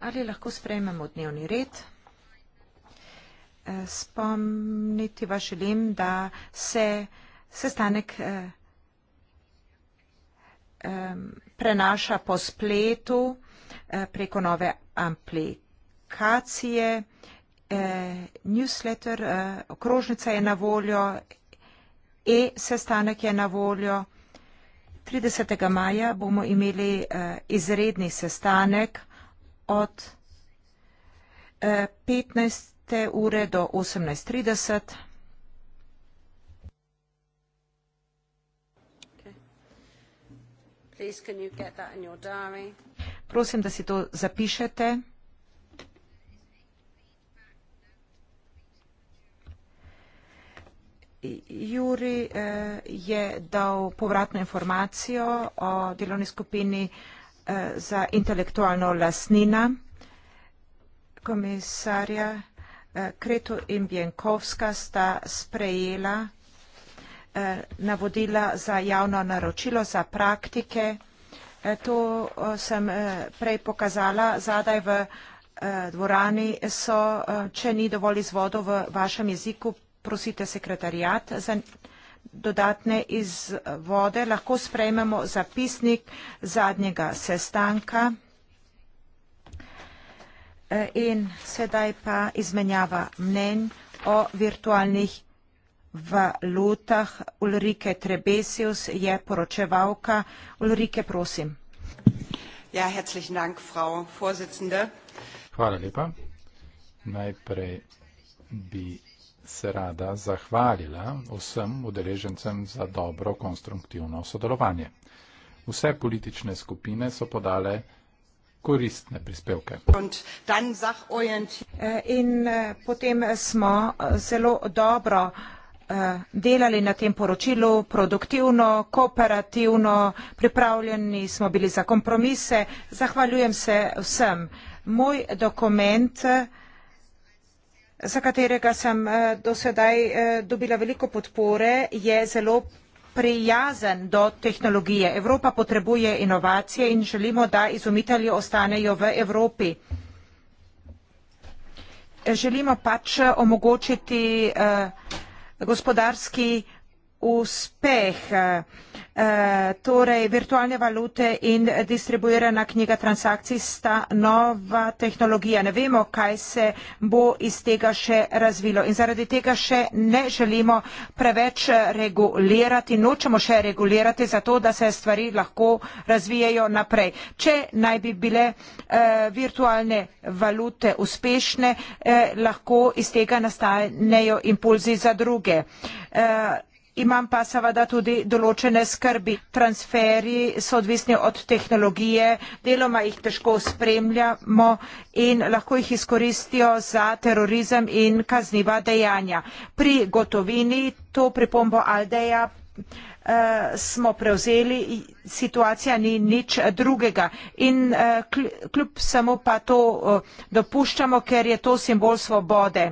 Ali lahko sprejmemo dnevni red? Eh, spomniti vas želim, da se sestanek eh, prenaša po spletu eh, preko nove aplikacije. Newsletter, okrožnica je na voljo, e-sestanek je na voljo. 30. maja bomo imeli uh, izredni sestanek od uh, eh, 15. ure do 18.30. Please, can you get that in your diary? Prosim, da si to zapišete. Juri eh, je dal povratno informacijo o delovni skupini eh, za intelektualno lasnina komisarja eh, Kreto in Bjenkovska sta sprejela navodila za javno naročilo za praktike. To sem prej pokazala zadaj v dvorani so, če ni dovolj izvodov v vašem jeziku, prosite sekretarijat za dodatne izvode. Lahko sprejmemo zapisnik zadnjega sestanka. E, in sedaj pa izmenjava mnen o virtualnih valutah. Ulrike Trebesius je poročevalka. Ulrike, prosim. Ja, herzlichen Dank, Frau Vorsitzende. Hvala lepa. Najprej bi se rada zahvalila vsem udeležencem za dobro konstruktivno sodelovanje. Vse politične skupine so podale koristne prispevke. Eh, in eh, potem smo eh, zelo dobro delali na tem poročilu, produktivno, kooperativno, pripravljeni smo bili za kompromise. Zahvaljujem se vsem. Moj dokument za katerega sem eh, do sedaj eh, dobila veliko podpore, je zelo prijazen do tehnologije. Evropa potrebuje inovacije in želimo, da izumitelji ostanejo v Evropi. Želimo pač omogočiti eh, gospodarski uspeh. Eh, torej virtualne valute in distribuirana knjiga transakcij sta nova tehnologija. Ne vemo, kaj se bo iz tega še razvilo in zaradi tega še ne želimo preveč regulirati, nočemo še regulirati zato, da se stvari lahko razvijajo naprej. Če naj bi bile eh, virtualne valute uspešne, eh, lahko iz tega nastanejo impulzi za druge. Eh, imam pa seveda tudi določene skrbi. Transferji so odvisni od tehnologije, deloma jih težko spremljamo in lahko jih izkoristijo za terorizem in kazniva dejanja. Pri gotovini to pripombo Aldeja eh, smo prevzeli, situacija ni nič drugega in eh, kljub samo pa to eh, dopuščamo, ker je to simbol svobode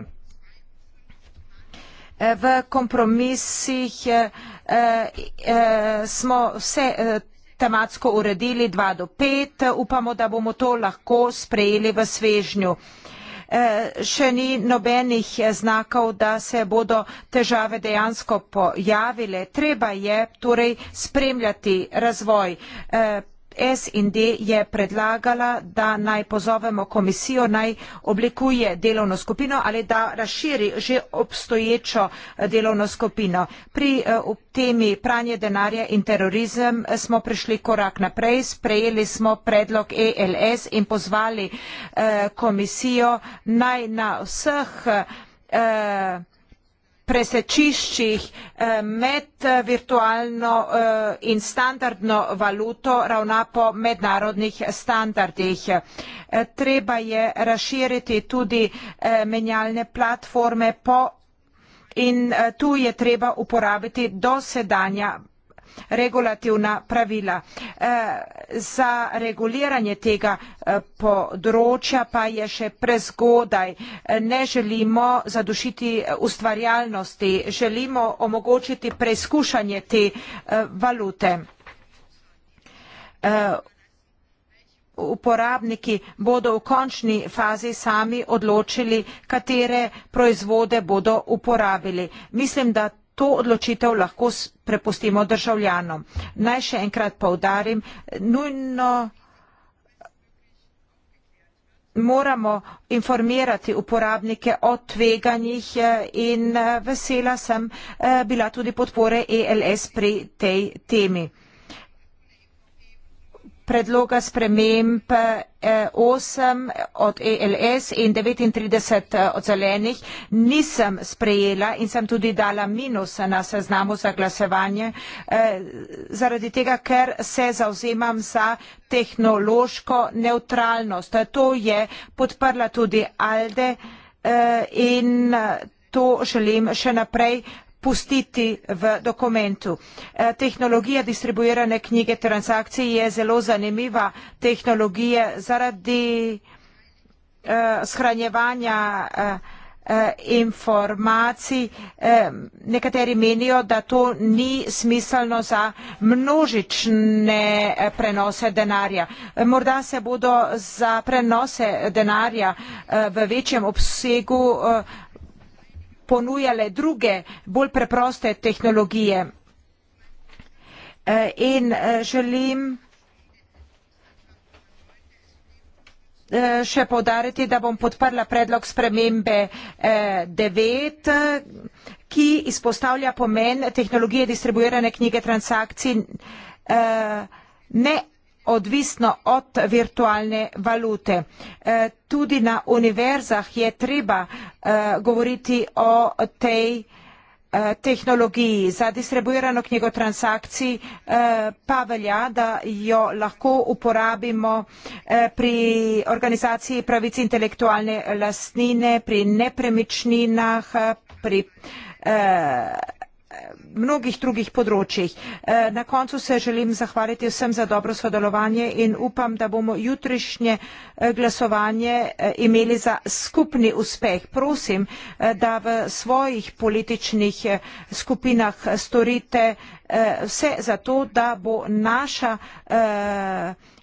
v kompromisih eh, eh, smo vse eh, tematsko uredili 2 do 5, upamo, da bomo to lahko sprejeli v svežnju. Še ni nobenih znakov, da se bodo težave dejansko pojavile. Treba je torej spremljati razvoj SND je predlagala, da naj pozovemo komisijo, naj oblikuje delovno skupino ali da razširi že obstoječo eh, delovno skupino. Pri eh, temi pranje denarja in terorizem eh, smo prišli korak naprej, sprejeli smo predlog ELS in pozvali komisijo naj na vseh eh, presečiščih eh, med virtualno eh, in standardno valuto ravna po mednarodnih standardih. Eh, treba je razširiti tudi menjalne platforme po in tu je treba uporabiti dosedanja regulativna pravila. Eh, za reguliranje tega eh, področja pa je še prezgodaj. Eh, ne želimo zadušiti ustvarjalnosti, želimo omogočiti preizkušanje te valute. Uporabniki bodo v končni fazi sami odločili, katere proizvode bodo uporabili. Mislim, da to odločitev lahko prepustimo državljanom. Naj še enkrat povdarim, nujno moramo informirati uporabnike o tveganjih eh, in eh, vesela sem eh, bila tudi podpore ELS pri tej temi predloga sprememb eh, osem od ELS in devetintrideset eh, od zelenih nisem sprejela in sem tudi dala minus na seznamu za glasovanje eh, zaradi tega, ker se zauzemam za tehnološko neutralnost. To je podprla tudi ALDE in to želim še naprej pustiti v dokumentu. E, tehnologija distribuirane knjige transakcij je zelo zanimiva tehnologija zaradi e, shranjevanja e, informacij. Nekateri menijo, da to ni smiselno za množične prenose denarja. Morda se bodo za prenose denarja v večjem obsegu ponujale druge bolj preproste tehnologije eh, in eh, želim eh, še poudariti, da bom podprla predlog spremembe 9, ki izpostavlja pomen tehnologije distribuirane knjige transakcij ne odvisno od virtualne valute. E, tudi na univerzah je treba e, govoriti o tej e, tehnologiji. Za distribuirano knjigo transakcij pa velja, da jo lahko uporabimo pri organizaciji pravic intelektualne lastnine, pri nepremičninah, pri mnogih drugih področjih. Eh, na koncu se želim zahvaliti vsem za dobro sodelovanje in upam, da bomo jutrišnje eh, glasovanje eh, imeli za skupni uspeh. Prosim, da v svojih političnih skupinah storite vse za to, da bo naša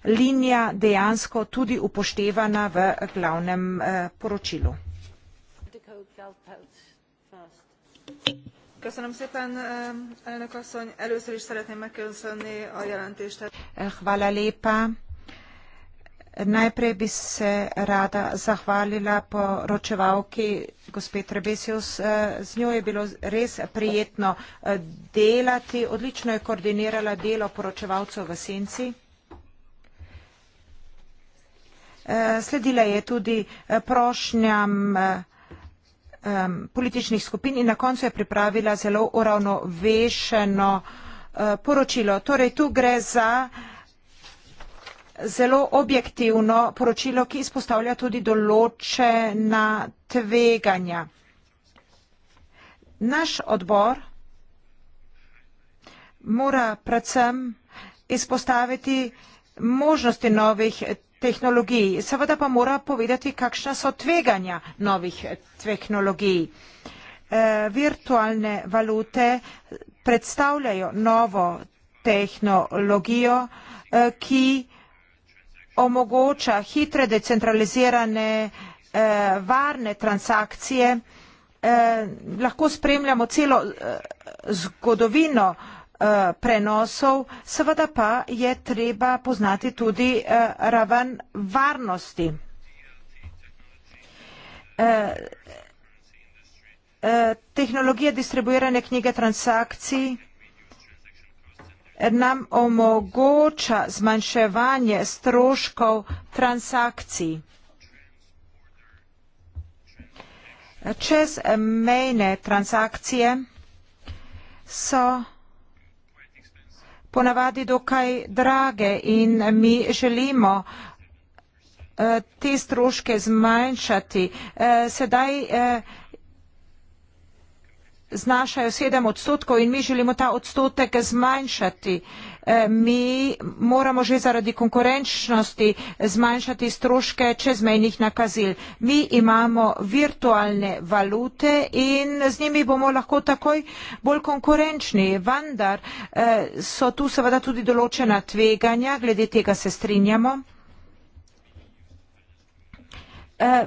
linija dejansko tudi upoštevana v glavnem poročilu. Eh, hvala lepa. Najprej bi se rada zahvalila poročevalki gospod Trebesius. Eh, z njo je bilo res prijetno eh, delati. Odlično je koordinirala delo poročevalcev v senci. Sledila je tudi prošnjam um, političnih skupin in na koncu je pripravila zelo uravnovešeno uh, poročilo. Torej, tu gre za zelo objektivno poročilo, ki izpostavlja tudi določena tveganja. Naš odbor mora predvsem izpostaviti možnosti novih tehnologiji. Seveda pa mora povedati, kakšna so tveganja novih tehnologij. E, virtualne valute predstavljajo novo tehnologijo, e, ki omogoča hitre, decentralizirane, e, varne transakcije. E, lahko spremljamo celo e, zgodovino e, Eh, prenosov, seveda pa je treba poznati tudi eh, raven varnosti. Eh, Tehnologija distribuiranja knjige transakcij nam omogoča zmanjševanje stroškov transakcij. Čez mejne transakcije so ponavadi dokaj drage in mi želimo eh, te stroške zmanjšati. Eh, sedaj eh, znašajo sedem odstotkov in mi želimo ta odstotek zmanjšati. Eh, mi moramo že zaradi konkurenčnosti zmanjšati stroške čezmejnih nakazil. Mi imamo virtualne valute in z njimi bomo lahko takoj bolj konkurenčni. Vendar eh, so tu seveda tudi določena tveganja, glede tega se strinjamo. Eh,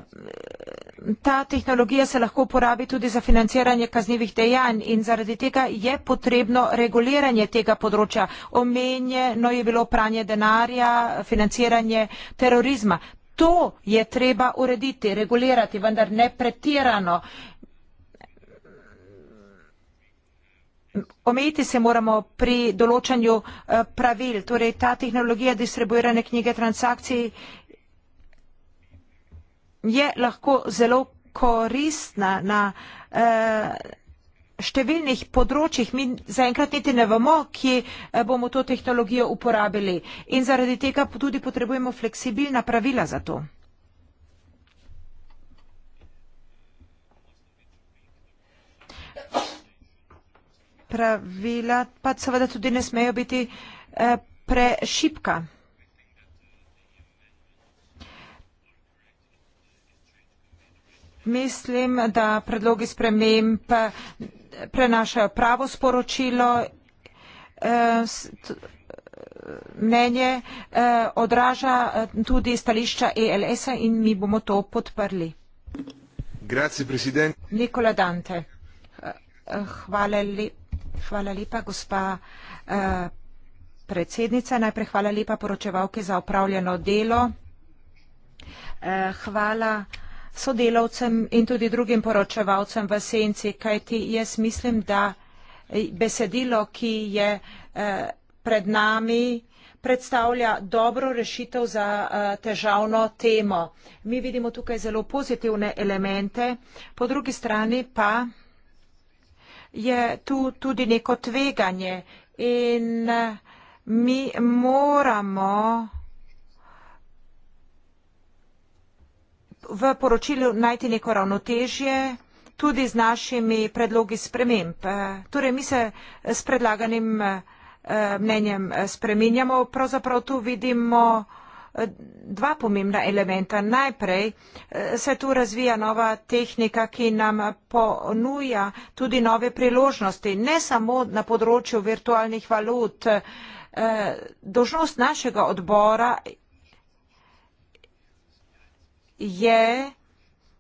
ta tehnologija se lahko uporabi tudi za financiranje kaznivih dejanj in zaradi tega je potrebno reguliranje tega področja. Omenjeno je bilo pranje denarja, financiranje terorizma. To je treba urediti, regulirati, vendar ne pretirano. Omejiti se moramo pri določanju eh, pravil. Torej, ta tehnologija distribuirane knjige transakcij je lahko zelo koristna na eh, številnih področjih. Mi zaenkrat niti ne vemo, kje eh, bomo to tehnologijo uporabili in zaradi tega tudi potrebujemo fleksibilna pravila za to. Pravila pa seveda tudi ne smejo biti eh, prešipka. Mislim, da predlogi sprememb eh, prenašajo pravo sporočilo, eh, mnenje eh, odraža tudi stališča ELS-a in mi bomo to podprli. Nikola Dante. Hvala, li, hvala lepa, gospa uh, predsednica. Najprej hvala lepa poročevalke za upravljeno delo. Uh, hvala sodelavcem in tudi drugim poročevalcem v senci, kajti jaz mislim, da besedilo, ki je eh, pred nami, predstavlja dobro rešitev za eh, težavno temo. Mi vidimo tukaj zelo pozitivne elemente, po drugi strani pa je tu tudi neko tveganje in eh, mi moramo v poročilu najti neko ravnotežje tudi z našimi predlogi sprememb. Eh, torej, mi se s predlaganim eh, mnenjem eh, spreminjamo. Pravzaprav tu vidimo dva pomembna elementa. Najprej se tu razvija nova tehnika, ki nam ponuja tudi nove priložnosti, ne samo na področju virtualnih valut. Dožnost našega odbora je,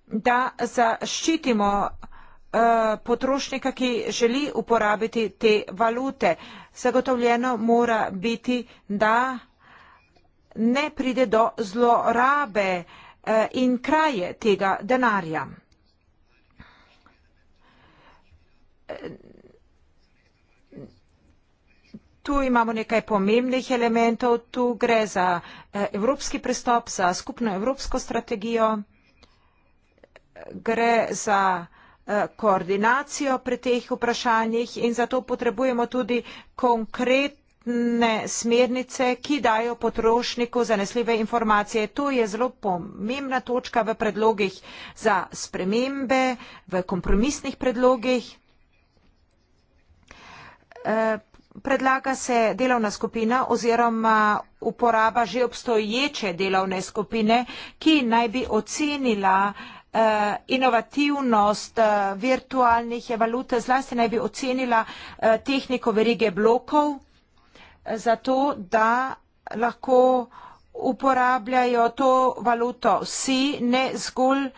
da zaščitimo eh, potrošnika, ki želi uporabiti te valute. Zagotovljeno mora biti, da ne pride do zlorabe eh, in kraje tega denarja. Tu imamo nekaj pomembnih elementov, tu gre za eh, evropski pristop, za skupno evropsko strategijo, gre za eh, koordinacijo pri teh vprašanjih in zato potrebujemo tudi konkretne smernice, ki dajo potrošniku zanesljive informacije. Tu je zelo pomembna točka v predlogih za spremembe, v kompromisnih predlogih. Eh, predlaga se delovna skupina oziroma uporaba že obstoječe delovne skupine, ki naj bi ocenila eh, inovativnost eh, virtualnih valut, zlasti naj bi ocenila eh, tehniko verige blokov, zato da lahko uporabljajo to valuto vsi, ne zgolj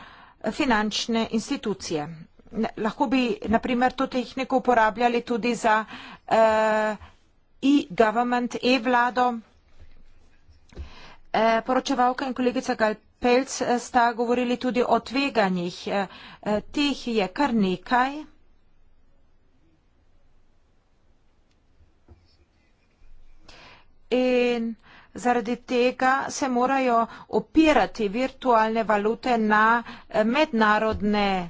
finančne institucije lahko bi naprimer to tehniko uporabljali tudi za uh, e-government, e-vlado. Uh, poročevalka in kolegica Galpelc eh, sta govorili tudi o tveganjih. Uh, teh je kar nekaj. In zaradi tega se morajo opirati virtualne valute na mednarodne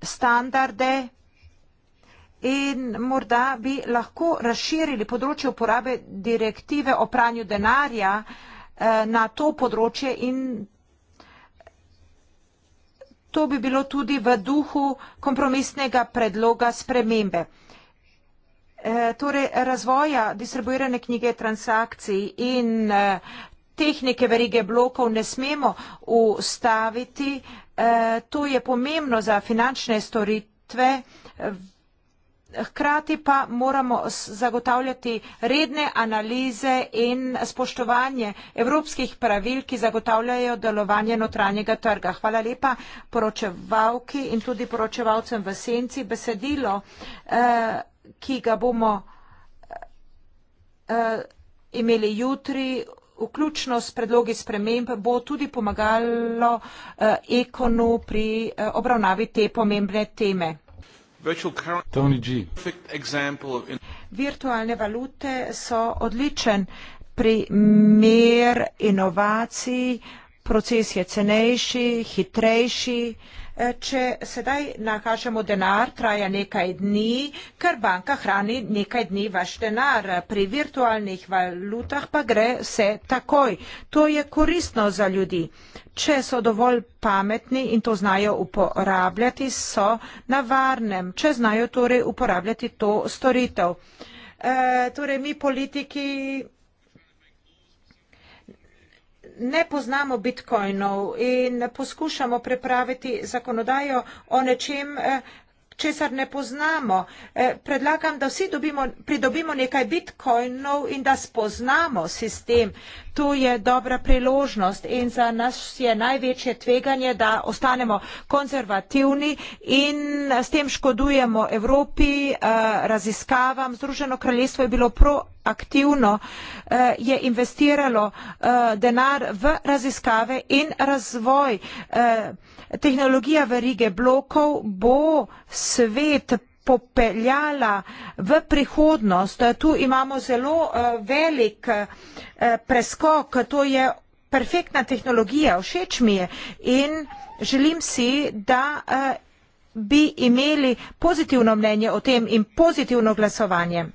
standarde in morda bi lahko razširili področje uporabe direktive o pranju denarja eh, na to področje in to bi bilo tudi v duhu kompromisnega predloga spremembe. Eh, torej, razvoja distribuirane knjige transakcij in eh, tehnike verige blokov ne smemo ustaviti. Eh, to je pomembno za finančne storitve. Eh, hkrati pa moramo zagotavljati redne analize in spoštovanje evropskih pravil, ki zagotavljajo delovanje notranjega trga. Hvala lepa poročevalki in tudi poročevalcem v senci. Besedilo, eh, ki ga bomo imeli jutri, vključno s predlogi sprememb bo tudi pomagalo uh, ekonu pri uh, obravnavi te pomembne teme. Virtualne valute so odličen primer inovacij, proces je cenejši, hitrejši. Uh, če sedaj nakažemo denar, traja nekaj dni, ker banka hrani nekaj dni vaš denar. Pri virtualnih valutah pa gre vse takoj. To je koristno za ljudi. Če so dovolj pametni in to znajo uporabljati, so na varnem. Če znajo torej uporabljati to storitev. E, torej mi politiki ne poznamo bitcoinov in poskušamo prepraviti zakonodajo o nečem, eh, česar ne poznamo. E, predlagam, da vsi dobimo, pridobimo nekaj bitcoinov in da spoznamo sistem. To je dobra priložnost in za nas je največje tveganje, da ostanemo konzervativni in s tem škodujemo Evropi, e, raziskavam. Združeno kraljestvo je bilo proaktivno, e, je investiralo denar v raziskave in razvoj tehnologija verige blokov bo svet popeljala v prihodnost. Tu imamo zelo eh, velik eh, preskok, to je perfektna tehnologija, všeč mi je in želim si, da eh, bi imeli pozitivno mnenje o tem in pozitivno glasovanje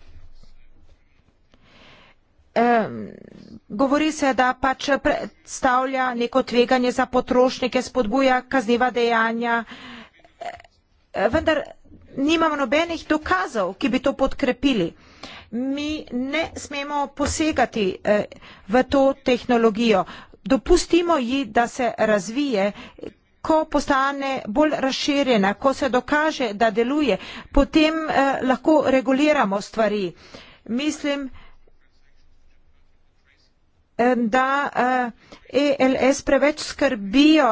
govori se, da pač predstavlja neko tveganje za potrošnike, spodbuja kazniva dejanja, e, vendar nimamo nobenih dokazov, ki bi to podkrepili. Mi ne smemo posegati e, v to tehnologijo. Dopustimo ji, da se razvije, ko postane bolj razširjena, ko se dokaže, da deluje, potem eh, lahko reguliramo stvari. Mislim, eh, Eh, da ELS eh, e preveč skrbijo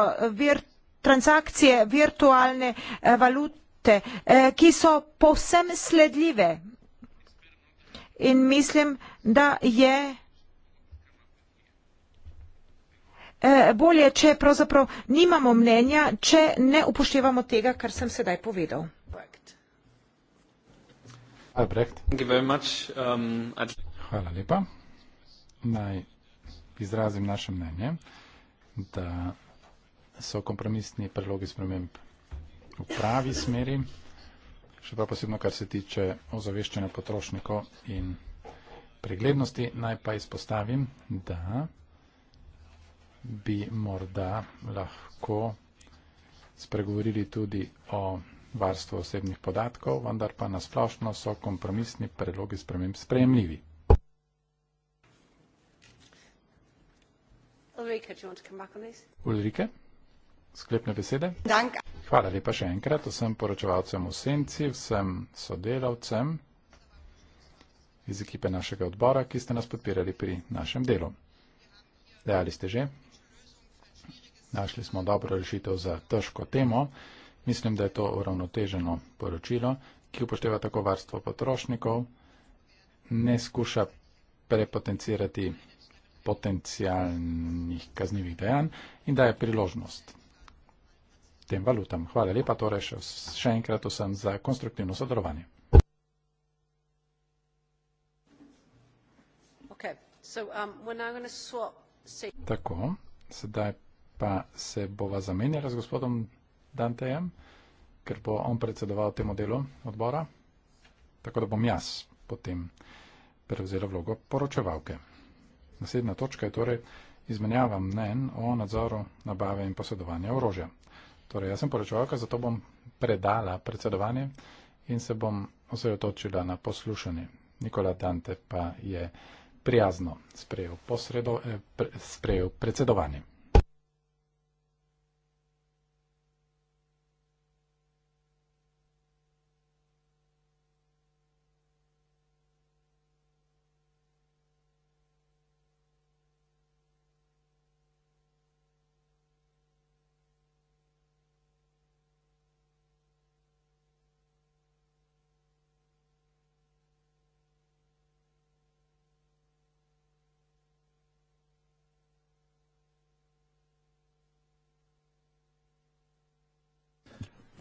transakcije virtualne eh, valute, ki so povsem sledljive. In mislim, da je bolje, če pravzaprav nimamo mnenja, če ne upoštevamo tega, kar sem sedaj povedal. Um, Hvala lepa. Naj izrazim naše mnenje, da so kompromisni predlogi sprememb v pravi smeri, še prav posebno, kar se tiče ozaveščanja potrošnikov in preglednosti. Naj pa izpostavim, da bi morda lahko spregovorili tudi o varstvu osebnih podatkov, vendar pa nasplošno so kompromisni predlogi sprememb spremljivi. Ulrika, do you want to come back on this? Ulrike, sklepne besede. Dank. Hvala lepa še enkrat vsem poročevalcem v Senci, vsem sodelavcem iz ekipe našega odbora, ki ste nas podpirali pri našem delu. Dejali ste že, našli smo dobro rešitev za težko temo. Mislim, da je to uravnoteženo poročilo, ki upošteva tako varstvo potrošnikov, ne skuša prepotencirati potencijalnih kaznjivih dejanj in daje priložnost tem valutam. Hvala lepa, torej še, še enkrat vsem za konstruktivno sodelovanje. Okay. So, um, swap... Tako, sedaj pa se bova zamenjala z gospodom Dantejem, ker bo on predsedoval temu delu odbora, tako da bom jaz potem prevzela vlogo poročevalke. Naslednja točka je torej izmenjava mnen o nadzoru nabave in posedovanja orožja. Torej, jaz sem poročevalka, zato bom predala predsedovanje in se bom osredotočila na poslušanje. Nikola Dante pa je prijazno sprejel, posredo, eh, pre, sprejel predsedovanje.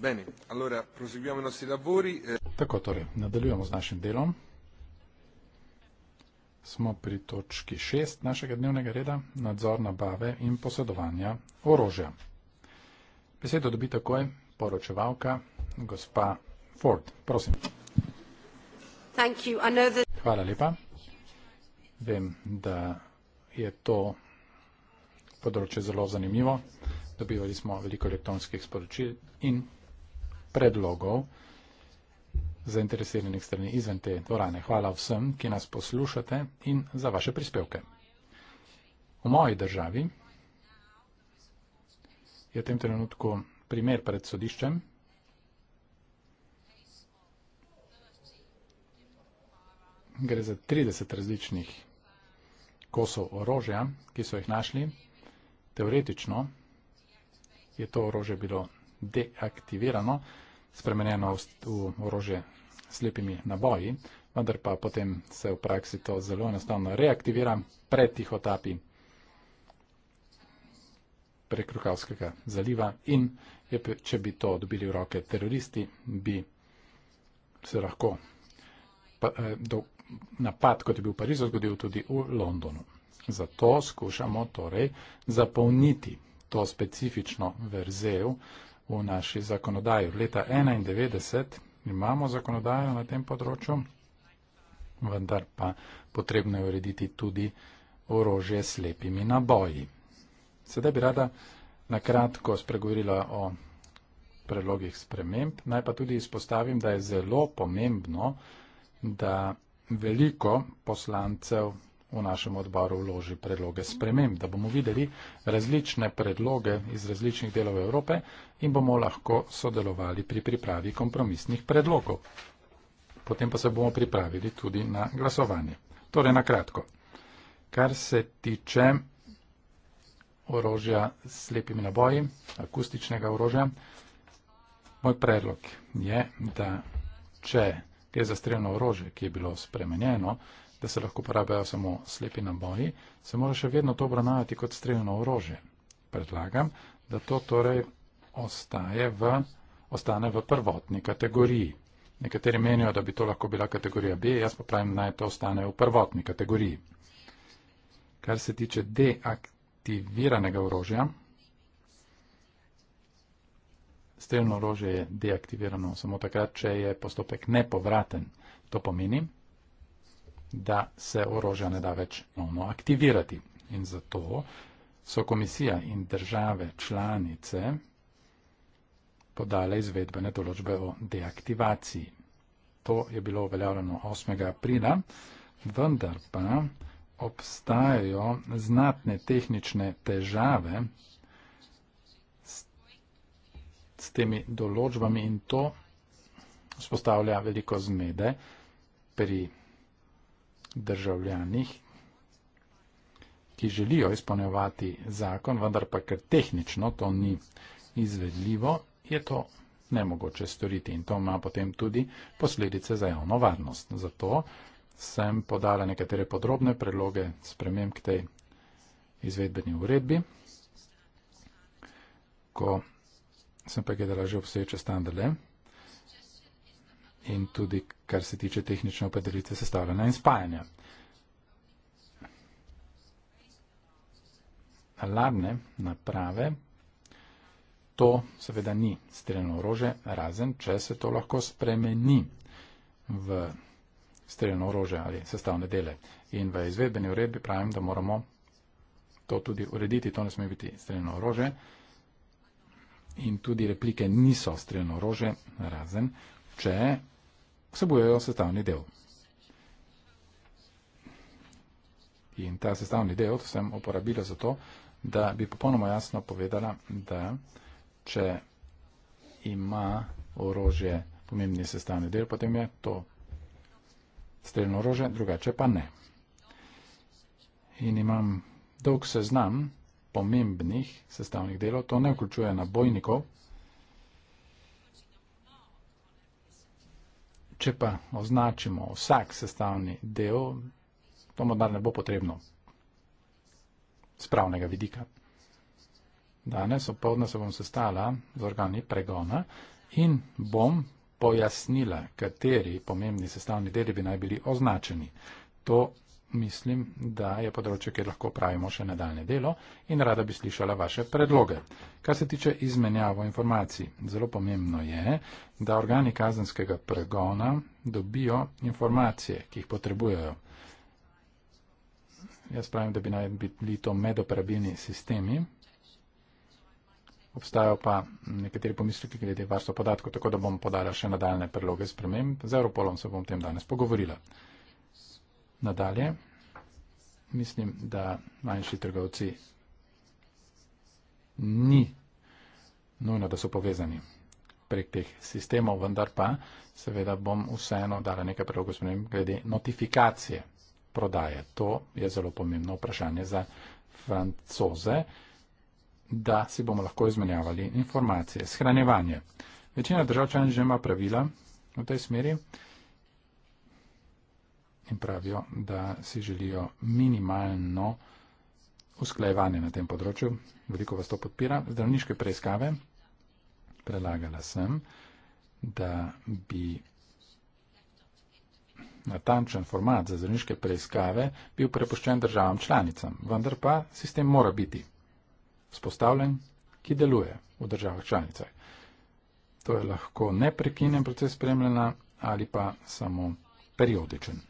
Bene, allora proseguiamo i nostri lavori. Eh. Tako torej, nadaljujemo z našim delom. Smo pri točki 6 našega dnevnega reda, nadzor nabave in posedovanja orožja. Besedo dobi takoj poročevalka gospa Ford. Prosim. Thank you. I know that... Hvala lepa. Vem, da je to področje zelo zanimivo. Dobivali smo veliko elektronskih sporočil in predlogov zainteresiranih strani izven te dvorane. Hvala vsem, ki nas poslušate in za vaše prispevke. V moji državi je v tem trenutku primer pred sodiščem. Gre za 30 različnih kosov orožja, ki so jih našli. Teoretično je to orožje bilo deaktivirano spremenjeno v, v orožje s lepimi naboji, vendar pa potem se v praksi to zelo enostavno reaktivira pred tiho tapi prek Rukavskega zaliva in je, če bi to dobili v roke teroristi, bi se lahko pa, eh, do, napad, kot je bil v Parizu, zgodil tudi v Londonu. Zato skušamo torej zapolniti to specifično verzev v naši zakonodaji. Od leta 1991 imamo zakonodajo na tem področju, vendar pa potrebno je urediti tudi orožje s lepimi naboji. Sedaj bi rada na kratko spregovorila o predlogih sprememb. Naj pa tudi izpostavim, da je zelo pomembno, da veliko poslancev v našem odboru vloži predloge sprememb, da bomo videli različne predloge iz različnih delov Evrope in bomo lahko sodelovali pri pripravi kompromisnih predlogov. Potem pa se bomo pripravili tudi na glasovanje. Torej, na kratko. Kar se tiče orožja s lepimi naboji, akustičnega orožja, moj predlog je, da če gre za streljno orožje, ki je bilo spremenjeno, da se lahko uporabljajo samo slepi naboji, se mora še vedno to obravnavati kot streljno orožje. Predlagam, da to torej ostaje v, ostane v prvotni kategoriji. Nekateri menijo, da bi to lahko bila kategorija B, jaz pa pravim, naj to ostane v prvotni kategoriji. Kar se tiče deaktiviranega orožja, streljno orožje je deaktivirano samo takrat, če je postopek nepovraten. To pomeni, da se orožja ne da več ponovno aktivirati. In zato so komisija in države članice podale izvedbene določbe o deaktivaciji. To je bilo uveljavljeno 8. aprila, vendar pa obstajajo znatne tehnične težave s, s temi določbami in to spostavlja veliko zmede pri državljanih, ki želijo izpolnjevati zakon, vendar pa ker tehnično to ni izvedljivo, je to nemogoče storiti in to ima potem tudi posledice za javno varnost. Zato sem podala nekatere podrobne predloge spremem k tej izvedbeni uredbi, ko sem pa gledala že obseče standarde in tudi kar se tiče tehnične opredelitve sestavljanja in spajanja. Alarmne naprave, to seveda ni streljeno orože, razen če se to lahko spremeni v streljeno orože ali sestavne dele. In v izvedbeni uredbi pravim, da moramo to tudi urediti, to ne sme biti streljeno orože. In tudi replike niso streljeno orože, razen če vsebujejo sestavni del. In ta sestavni del sem uporabila zato, da bi popolnoma jasno povedala, da če ima orožje pomembni sestavni del, potem je to streljno orožje, drugače pa ne. In imam dolg seznam pomembnih sestavnih delov, to ne vključuje nabojnikov, če pa označimo vsak sestavni del, to morda ne bo potrebno z pravnega vidika. Danes opoldne se bom sestala z organi pregona in bom pojasnila, kateri pomembni sestavni deli bi naj bili označeni. To mislim, da je področje, kjer lahko pravimo še nadaljne delo in rada bi slišala vaše predloge. Kar se tiče izmenjavo informacij, zelo pomembno je, da organi kazenskega pregona dobijo informacije, ki jih potrebujejo. Jaz pravim, da bi naj bili to medoperabilni sistemi. Obstajajo pa nekateri pomisliki glede varstva podatkov, tako da bom podala še nadaljne predloge sprememb. Z Europolom se bom tem danes pogovorila. Nadalje, mislim, da manjši trgovci ni nujno, da so povezani prek teh sistemov, vendar pa seveda bom vseeno dala nekaj predlogov spremem glede notifikacije prodaje. To je zelo pomembno vprašanje za francoze, da si bomo lahko izmenjavali informacije. Shranjevanje. Večina držav članic že ima pravila v tej smeri in pravijo, da si želijo minimalno usklajevanje na tem področju. Veliko vas to podpira. Zdravniške preiskave predlagala sem, da bi natančen format za zdravniške preiskave bil prepuščen državam članicam. Vendar pa sistem mora biti spostavljen, ki deluje v državah članicah. To je lahko neprekinjen proces spremljena ali pa samo periodičen.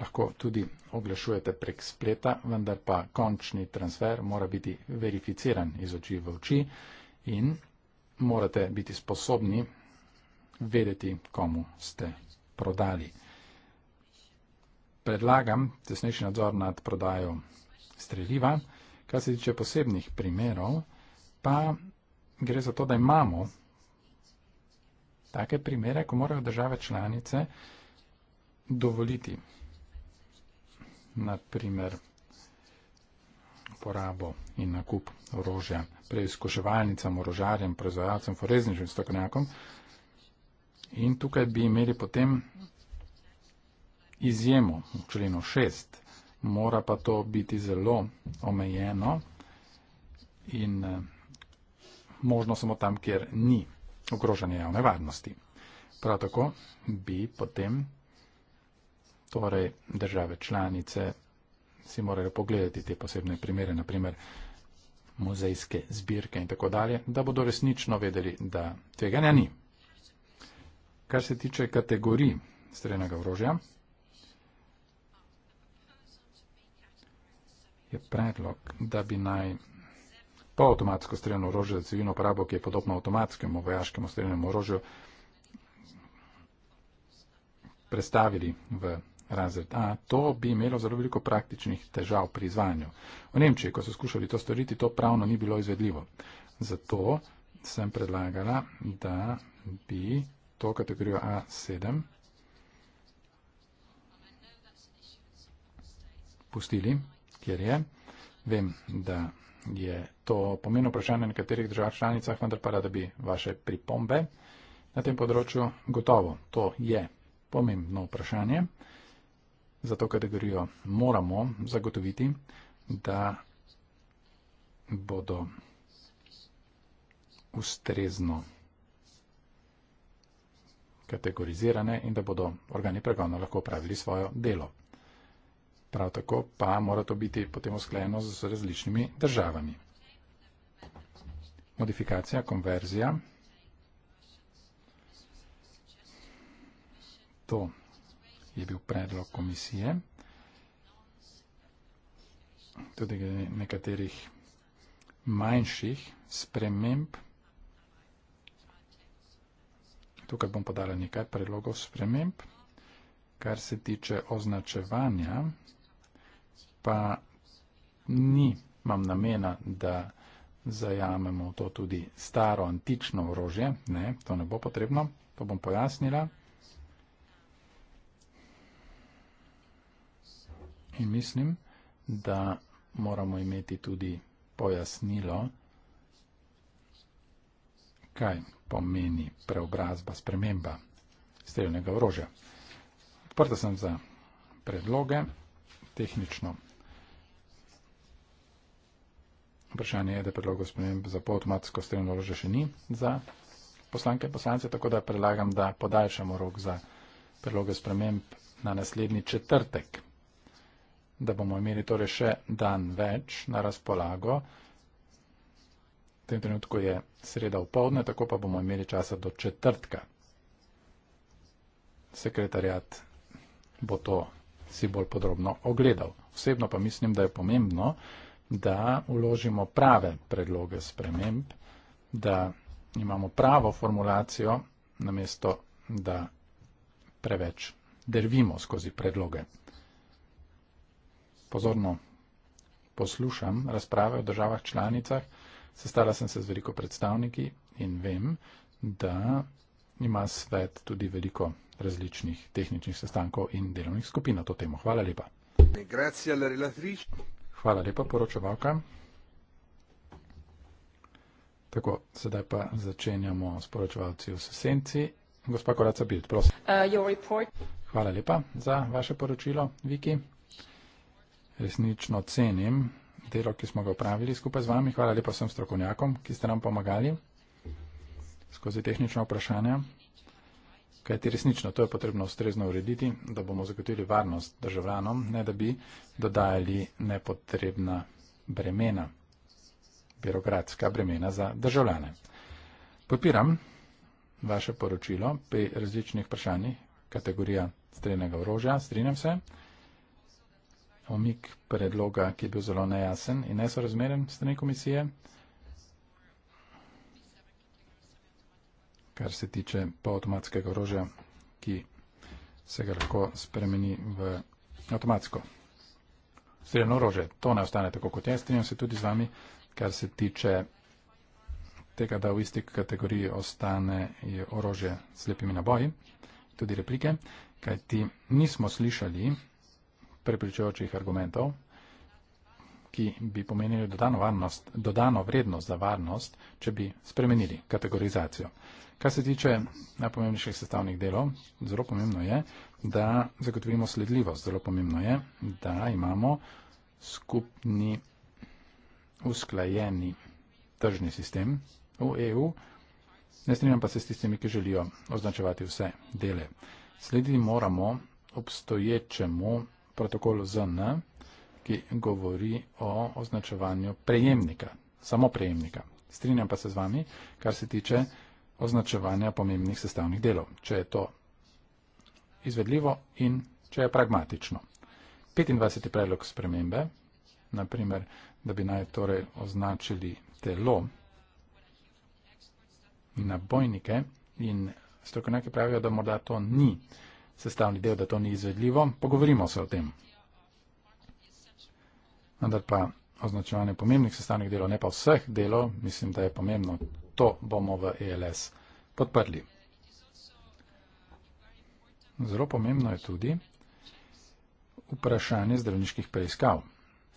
lahko tudi oglašujete prek spleta, vendar pa končni transfer mora biti verificiran iz oči v oči in morate biti sposobni vedeti, komu ste prodali. Predlagam tesnejši nadzor nad prodajo streliva. Kar se tiče posebnih primerov, pa gre za to, da imamo take primere, ko morajo države članice dovoliti naprimer porabo in nakup orožja preizkuševalnicam, orožarjem, proizvajalcem, forezničnim strokovnjakom. In tukaj bi imeli potem izjemo v členu 6, mora pa to biti zelo omejeno in eh, možno samo tam, kjer ni ogrožanje javne varnosti. Prav tako bi potem Torej, države članice si morajo pogledati te posebne primere, naprimer muzejske zbirke in tako dalje, da bodo resnično vedeli, da tveganja ni. Kar se tiče kategorij strenega vrožja, je predlog, da bi naj polavtomatsko streno orožje za civilno uporabo, ki je podobno avtomatskemu vojaškemu strenemu orožju, prestavili v razred A, to bi imelo zelo veliko praktičnih težav pri izvajanju. V Nemčiji, ko so skušali to storiti, to pravno ni bilo izvedljivo. Zato sem predlagala, da bi to kategorijo A7 pustili, kjer je. Vem, da je to pomeno vprašanje na nekaterih državah članicah, vendar pa da bi vaše pripombe na tem področju gotovo. To je pomembno vprašanje za to kategorijo, moramo zagotoviti, da bodo ustrezno kategorizirane in da bodo organi pregona lahko opravili svojo delo. Prav tako pa mora to biti potem usklajeno z različnimi državami. Modifikacija, konverzija. To je bil predlog komisije. Tudi nekaterih manjših sprememb. Tukaj bom podala nekaj predlogov sprememb. Kar se tiče označevanja, pa ni, imam namena, da zajamemo to tudi staro antično orožje. Ne, to ne bo potrebno, to bom pojasnila. In mislim, da moramo imeti tudi pojasnilo, kaj pomeni preobrazba, sprememba streljnega orožja. Odprta sem za predloge, tehnično. Vprašanje je, da predlogov sprememb za polautomatsko streljno orožje še ni za poslanke in poslance, tako da predlagam, da podaljšamo rok za predloge sprememb na naslednji četrtek da bomo imeli torej še dan več na razpolago. V tem trenutku je sreda v povdne, tako pa bomo imeli časa do četrtka. Sekretarjat bo to si bolj podrobno ogledal. Osebno pa mislim, da je pomembno, da uložimo prave predloge sprememb, da imamo pravo formulacijo, namesto da preveč drvimo skozi predloge pozorno poslušam razprave o državah članicah. Sestala sem se z veliko predstavniki in vem, da ima svet tudi veliko različnih tehničnih sestankov in delovnih skupin na to temo. Hvala lepa. Hvala lepa, poročevalka. Tako, sedaj pa začenjamo s poročevalci v Sesenci. Gospa Koraca Bild, prosim. Uh, Hvala lepa za vaše poročilo, Viki resnično cenim delo, ki smo ga upravili skupaj z vami. Hvala lepa vsem strokovnjakom, ki ste nam pomagali skozi tehnična vprašanja. Kajti resnično, to je potrebno ustrezno urediti, da bomo zagotovili varnost državljanom, ne da bi dodajali nepotrebna bremena, birokratska bremena za državljane. Podpiram vaše poročilo pri različnih vprašanjih kategorija strednega orožja, strinjam se omik predloga, ki je bil zelo nejasen in nesorazmeren strani komisije, kar se tiče poautomatskega orožja, ki se ga lahko spremeni v avtomatsko. Sredno orožje, to ne ostane tako kot je, strinjam se tudi z vami, kar se tiče tega, da v isti kategoriji ostane orožje s lepimi naboji, tudi replike, kajti nismo slišali, prepričujočih argumentov, ki bi pomenili dodano, varnost, dodano vrednost za varnost, če bi spremenili kategorizacijo. Kar se tiče najpomembnejših sestavnih delov, zelo pomembno je, da zagotovimo sledljivost. Zelo pomembno je, da imamo skupni usklajeni tržni sistem v EU. Ne strinjam pa se s tistimi, ki želijo označevati vse dele. Slediti moramo obstoječemu protokol ZN, ki govori o označevanju prejemnika, samo prejemnika. Strinjam pa se z vami, kar se tiče označevanja pomembnih sestavnih delov, če je to izvedljivo in če je pragmatično. 25. predlog spremembe, naprimer, da bi naj torej označili telo na bojnike in strokovnjaki pravijo, da morda to ni sestavni del, da to ni izvedljivo. Pogovorimo se o tem. Vendar pa označevanje pomembnih sestavnih delov, ne pa vseh delov, mislim, da je pomembno. To bomo v ELS podprli. Zelo pomembno je tudi vprašanje zdravniških preiskav.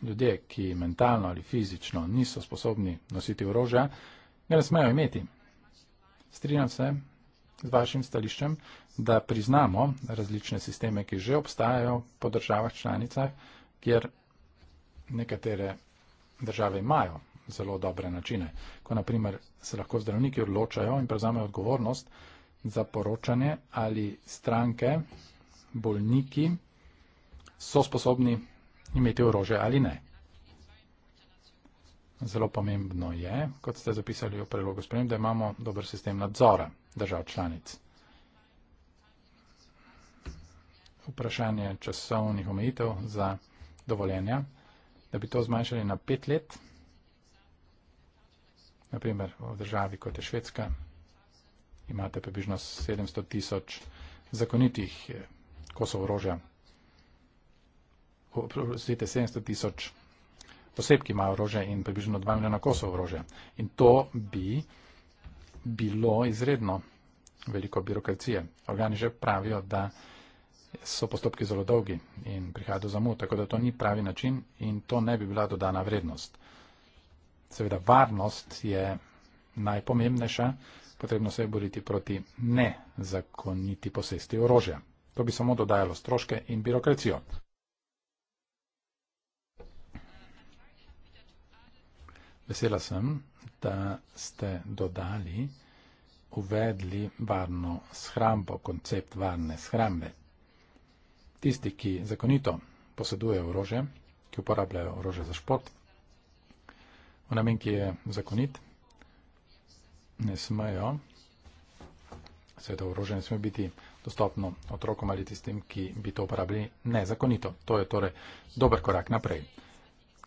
Ljudje, ki mentalno ali fizično niso sposobni nositi orožja, ga ne smejo imeti. Strinjam se z vašim stališčem, da priznamo različne sisteme, ki že obstajajo po državah članicah, kjer nekatere države imajo zelo dobre načine. Ko naprimer se lahko zdravniki odločajo in prevzamejo odgovornost za poročanje ali stranke, bolniki so sposobni imeti orože ali ne. Zelo pomembno je, kot ste zapisali v prelogu sprem, da imamo dober sistem nadzora držav članic. vprašanje časovnih omejitev za dovoljenja, da bi to zmanjšali na pet let, naprimer v državi kot je Švedska, imate približno 700 tisoč zakonitih eh, kosov orožja, oprostite 700 tisoč oseb, ki imajo orožje in približno 2 milijona kosov orožja. In to bi bilo izredno veliko birokracije. Organi že pravijo, da so postopki zelo dolgi in prihajajo zamud, tako da to ni pravi način in to ne bi bila dodana vrednost. Seveda, varnost je najpomembnejša, potrebno se je boriti proti nezakoniti posesti orožja. To bi samo dodajalo stroške in birokracijo. Vesela sem, da ste dodali, uvedli varno shrambo, koncept varne shrambe tisti, ki zakonito posedujejo orože, ki uporabljajo orože za šport, v namen, ki je zakonit, ne smejo, seveda orože ne sme biti dostopno otrokom ali tistim, ki bi to uporabili nezakonito. To je torej dober korak naprej.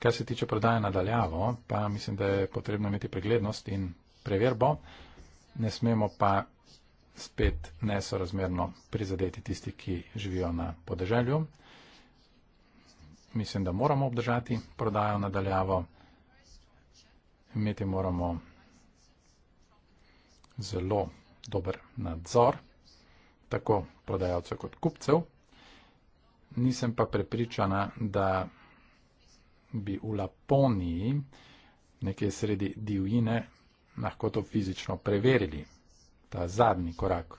Kar se tiče prodaje nadaljavo, pa mislim, da je potrebno imeti preglednost in preverbo, ne smemo pa spet nesorazmerno prizadeti tisti, ki živijo na podeželju. Mislim, da moramo obdržati prodajo nadaljavo. Imeti moramo zelo dober nadzor, tako prodajalcev kot kupcev. Nisem pa prepričana, da bi v Laponiji, nekje sredi divjine, lahko to fizično preverili ta zadnji korak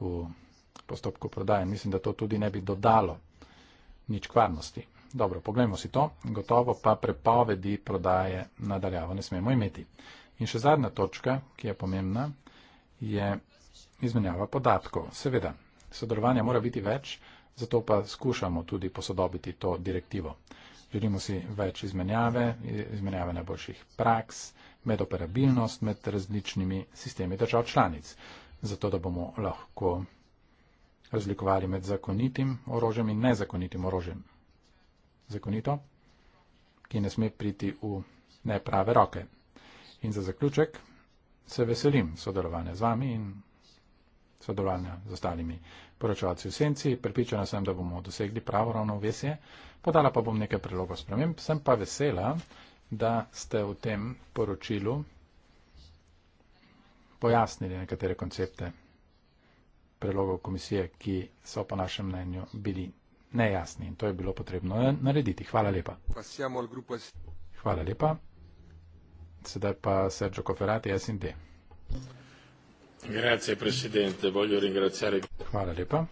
v postopku prodaje. Mislim, da to tudi ne bi dodalo nič kvarnosti. Dobro, poglejmo si to. Gotovo pa prepovedi prodaje nadaljavo ne smemo imeti. In še zadnja točka, ki je pomembna, je izmenjava podatkov. Seveda, sodelovanja mora biti več, zato pa skušamo tudi posodobiti to direktivo. Želimo si več izmenjave, izmenjave najboljših praks med operabilnost med različnimi sistemi držav članic, zato da bomo lahko razlikovali med zakonitim orožjem in nezakonitim orožjem. Zakonito, ki ne sme priti v neprave roke. In za zaključek se veselim sodelovanja z vami in sodelovanja z ostalimi poročevalci v senci. Pripričana sem, da bomo dosegli pravo ravnovesje, podala pa bom nekaj predlogov sprememb, sem pa vesela, da ste v tem poročilu pojasnili nekatere koncepte predlogov komisije, ki so po našem mnenju bili nejasni in to je bilo potrebno narediti. Hvala lepa. Hvala lepa. Sedaj pa Sergio Coferati, SND. Grazie, presidente. Voglio ringraziare. Hvala lepa.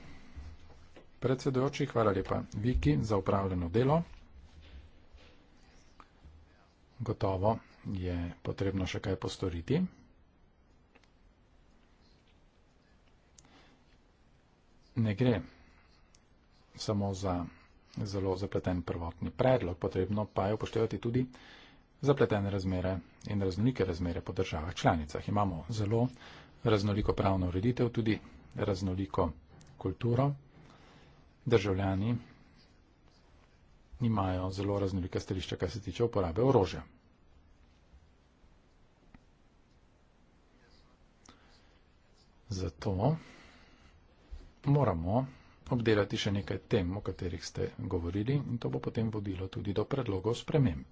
Predsedujoči, hvala lepa Viki za upravljeno delo gotovo je potrebno še kaj postoriti. Ne gre samo za zelo zapleten prvotni predlog, potrebno pa je upoštevati tudi zapletene razmere in raznolike razmere po državah članicah. Imamo zelo raznoliko pravno ureditev, tudi raznoliko kulturo. Državljani imajo zelo raznolika stališča, kar se tiče uporabe orožja. Zato moramo obdelati še nekaj tem, o katerih ste govorili, in to bo potem vodilo tudi do predlogov sprememb.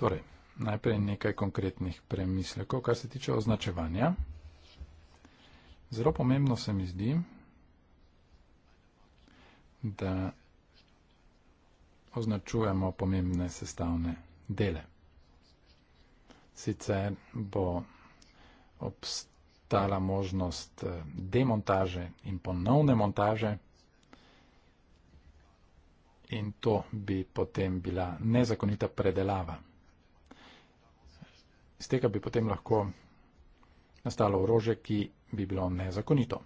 Torej, najprej nekaj konkretnih premislekov, kar se tiče označevanja. Zelo pomembno se mi zdi, da označujemo pomembne sestavne dele. Sicer bo obstala možnost eh, demontaže in ponovne montaže in to bi potem bila nezakonita predelava. Z tega bi potem lahko nastalo orože, ki bi bilo nezakonito.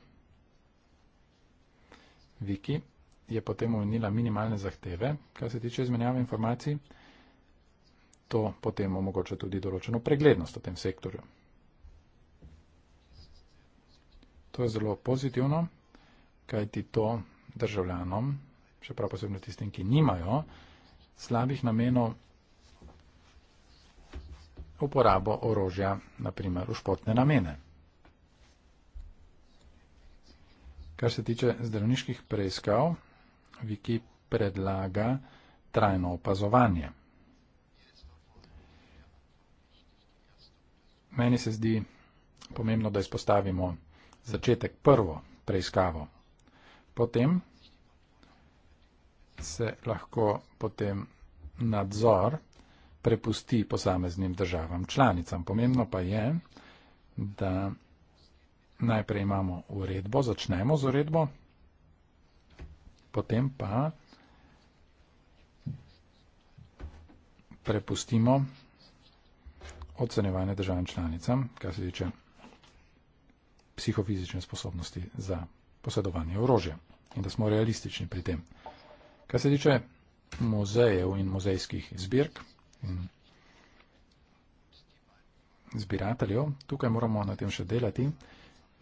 Viki je potem omenila minimalne zahteve, kar se tiče izmenjave informacij. To potem omogoča tudi določeno preglednost v tem sektorju. To je zelo pozitivno, kajti to državljanom, še prav posebno tistim, ki nimajo slabih namenov uporabo orožja, naprimer v športne namene. Kar se tiče zdravniških preiskav, Viki predlaga trajno opazovanje. Meni se zdi pomembno, da izpostavimo začetek prvo preiskavo. Potem se lahko potem nadzor prepusti posameznim državam članicam. Pomembno pa je, da najprej imamo uredbo, začnemo z uredbo potem pa prepustimo ocenevanje državnim članicam, kar se tiče psihofizične sposobnosti za posedovanje orožja in da smo realistični pri tem. Kar se tiče muzejev in muzejskih zbirk in zbirateljev, tukaj moramo na tem še delati.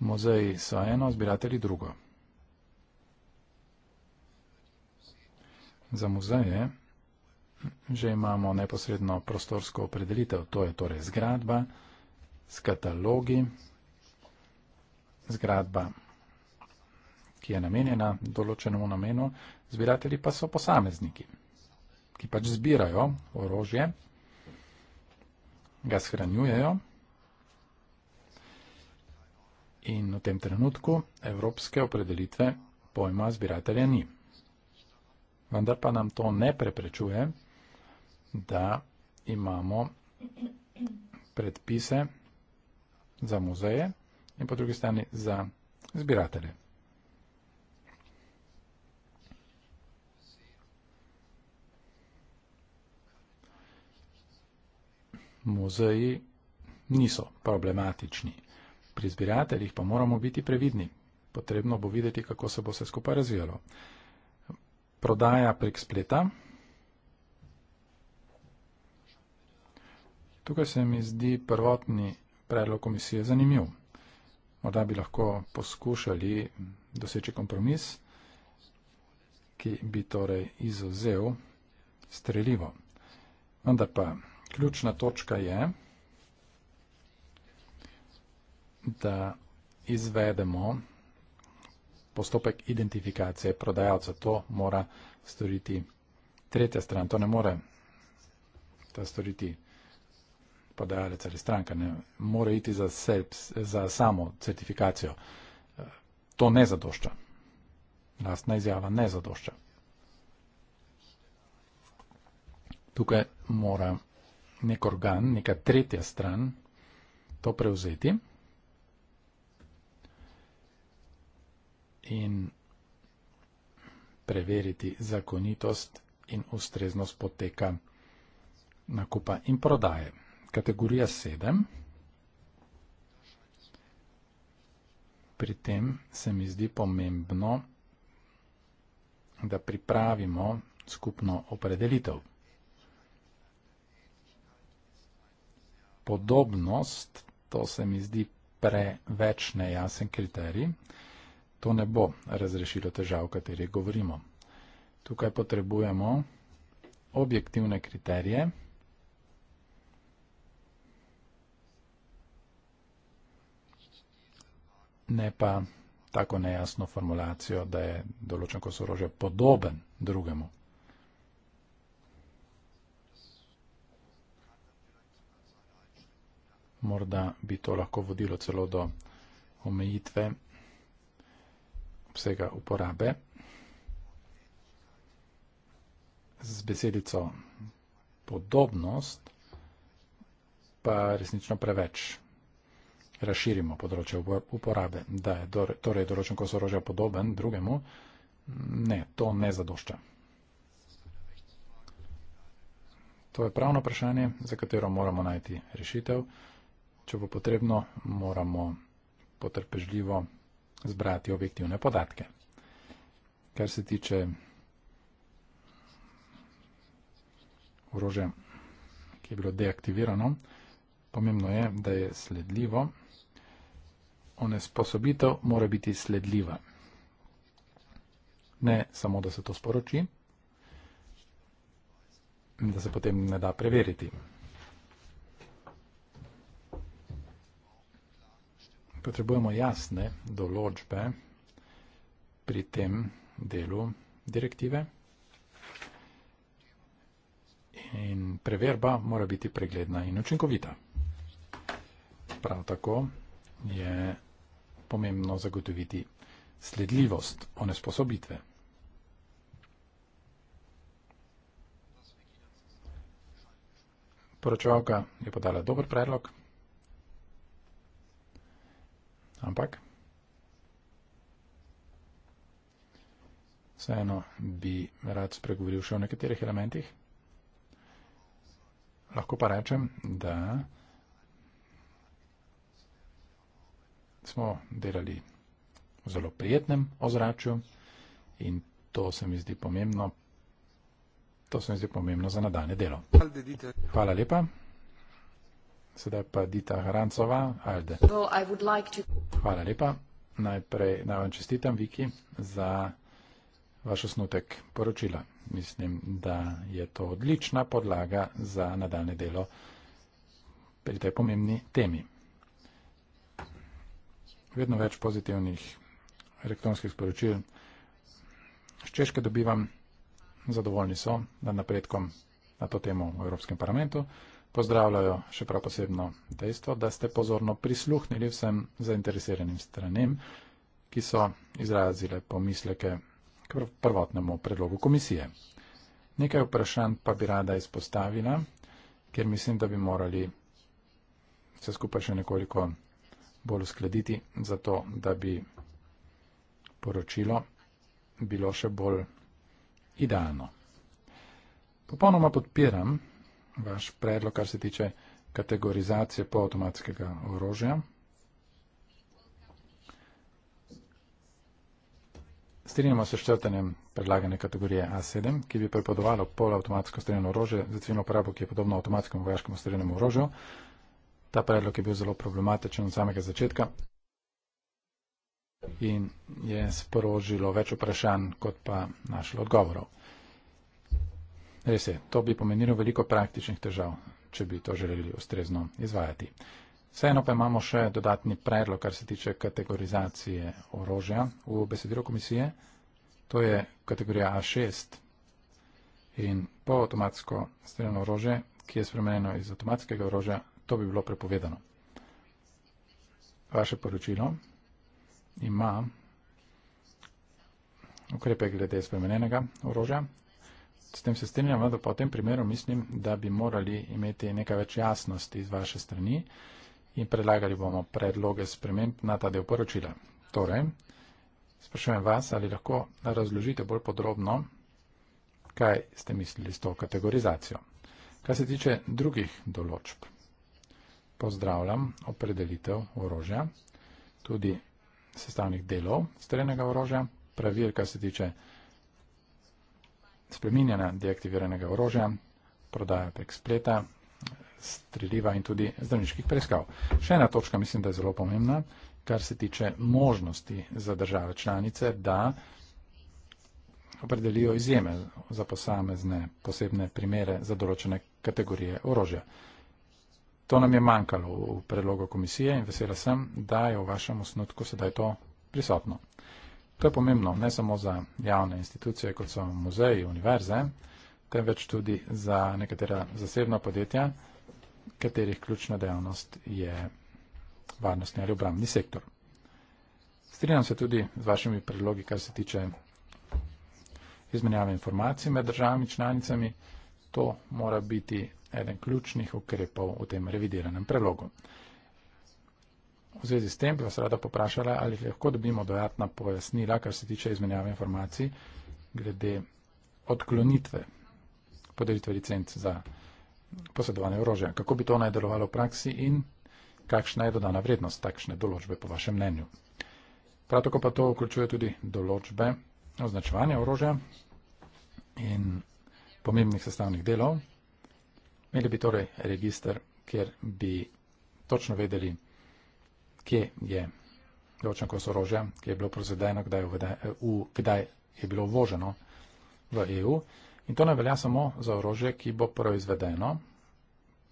Muzeji so eno, zbiratelji drugo. za muzeje, že imamo neposredno prostorsko opredelitev. To je torej zgradba s katalogi, zgradba, ki je namenjena določenemu namenu, zbirateli pa so posamezniki, ki pač zbirajo orožje, ga shranjujejo in v tem trenutku evropske opredelitve pojma zbiratelja ni vendar pa nam to ne preprečuje, da imamo predpise za muzeje in po drugi strani za zbiratelje. Muzeji niso problematični. Pri zbirateljih pa moramo biti previdni. Potrebno bo videti, kako se bo vse skupaj razvijalo prodaja prek spleta. Tukaj se mi zdi prvotni predlog komisije zanimiv. Morda bi lahko poskušali doseči kompromis, ki bi torej izozel strelivo. Vendar pa ključna točka je, da izvedemo postopek identifikacije prodajalca. To mora storiti tretja stran. To ne more ta storiti prodajalec ali stranka. Ne more iti za, self, za samo certifikacijo. To ne zadošča. Lastna izjava ne zadošča. Tukaj mora nek organ, neka tretja stran to prevzeti. in preveriti zakonitost in ustreznost poteka nakupa in prodaje. Kategorija 7. Pri tem se mi zdi pomembno, da pripravimo skupno opredelitev. Podobnost, to se mi zdi preveč nejasen kriterij, To ne bo razrešilo težav, o katerih govorimo. Tukaj potrebujemo objektivne kriterije, ne pa tako nejasno formulacijo, da je določen kosorože podoben drugemu. Morda bi to lahko vodilo celo do omejitve obsega uporabe z besedico podobnost, pa resnično preveč razširimo področje uporabe, da je torej določen kos orožja podoben drugemu, ne, to ne zadošča. To je pravno vprašanje, za katero moramo najti rešitev. Če bo potrebno, moramo potrpežljivo zbrati objektivne podatke. Kar se tiče orožja, ki je bilo deaktivirano, pomembno je, da je sledljivo. Onesposobitev mora biti sledljiva. Ne samo, da se to sporoči, da se potem ne da preveriti. potrebujemo jasne določbe pri tem delu direktive in preverba mora biti pregledna in učinkovita. Prav tako je pomembno zagotoviti sledljivost onesposobitve. Poročevalka je podala dober predlog, ampak vseeno bi rad spregovoril še o nekaterih elementih. Lahko pa rečem, da smo delali v zelo prijetnem ozračju in to se mi zdi pomembno, to se mi zdi pomembno za nadaljne delo. Hvala lepa. Sedaj pa Dita Hrancova, Alde. Hvala lepa. Najprej naj vam čestitam, Viki, za vaš osnutek poročila. Mislim, da je to odlična podlaga za nadaljne delo pri tej pomembni temi. Vedno več pozitivnih elektronskih sporočil. Z Češke dobivam, zadovoljni so nad napredkom na to temo v Evropskem parlamentu pozdravljajo še prav posebno dejstvo, da ste pozorno prisluhnili vsem zainteresiranim stranem, ki so izrazile pomisleke k prvotnemu predlogu komisije. Nekaj vprašanj pa bi rada izpostavila, ker mislim, da bi morali se skupaj še nekoliko bolj uskladiti, zato da bi poročilo bilo še bolj idealno. Popolnoma podpiram vaš predlog, kar se tiče kategorizacije poautomatskega orožja. Strinjamo se s črtanjem predlagane kategorije A7, ki bi prepodovalo polautomatsko streljeno orožje za civilno uporabo, ki je podobno avtomatskemu vojaškemu streljenemu orožju. Ta predlog je bil zelo problematičen od samega začetka in je sporožilo več vprašanj, kot pa našlo odgovorov. Res je, to bi pomenilo veliko praktičnih težav, če bi to želeli ustrezno izvajati. Vseeno pa imamo še dodatni predlog, kar se tiče kategorizacije orožja v besedilo komisije. To je kategorija A6 in po avtomatsko streljeno orožje, ki je spremenjeno iz avtomatskega orožja, to bi bilo prepovedano. Vaše poročilo ima ukrepe glede spremenjenega orožja, s tem se strinjam, vendar pa v tem primeru mislim, da bi morali imeti nekaj več jasnosti iz vaše strani in predlagali bomo predloge sprememb na ta del poročila. Torej, sprašujem vas, ali lahko razložite bolj podrobno, kaj ste mislili s to kategorizacijo. Kar se tiče drugih določb, pozdravljam opredelitev orožja, tudi sestavnih delov strenega orožja, pravil, kar se tiče spreminjanja deaktiviranega orožja, prodaja prek spleta, streljiva in tudi zdravniških preiskav. Še ena točka mislim, da je zelo pomembna, kar se tiče možnosti za države članice, da opredelijo izjeme za posamezne posebne primere za določene kategorije orožja. To nam je manjkalo v predlogu komisije in vesela sem, da je v vašem osnutku sedaj to prisotno. To je pomembno ne samo za javne institucije, kot so muzeji, univerze, temveč tudi za nekatera zasebna podjetja, katerih ključna dejavnost je varnostni ali obramni sektor. Strinjam se tudi z vašimi predlogi, kar se tiče izmenjave informacij med državami članicami. To mora biti eden ključnih ukrepov v tem revidiranem predlogu. V zvezi s tem bi vas rada poprašala, ali lahko dobimo dodatna pojasnila, kar se tiče izmenjave informacij glede odklonitve podelitve licenc za posedovanje orožja. Kako bi to naj delovalo v praksi in kakšna je dodana vrednost takšne določbe po vašem mnenju. Prav tako pa to vključuje tudi določbe označevanja orožja in pomembnih sestavnih delov. Imeli bi torej register, kjer bi točno vedeli, kje je določeno kos orožja, kje je bilo proizvedeno, kdaj, kdaj je bilo uvoženo v EU. In to ne velja samo za orožje, ki bo proizvedeno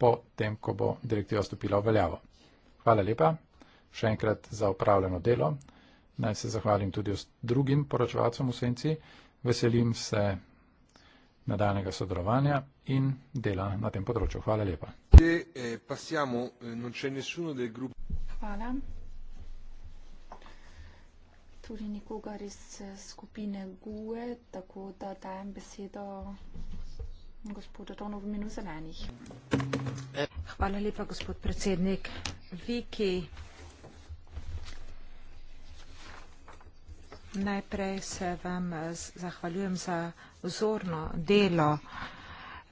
po tem, ko bo direktiva stopila v veljavo. Hvala lepa še enkrat za upravljeno delo. Naj se zahvalim tudi drugim poročevalcem v Senci. Veselim se nadaljnega sodelovanja in dela na tem področju. Hvala lepa. De, eh, passiamo, eh, non c'è nessuno del gruppo hvala. Tudi nikogar iz eh, skupine GUE, tako da dajem besedo gospodu Tonu v imenu zelenih. Hvala lepa, gospod predsednik. Vi, ki najprej se vam eh, zahvaljujem za vzorno delo,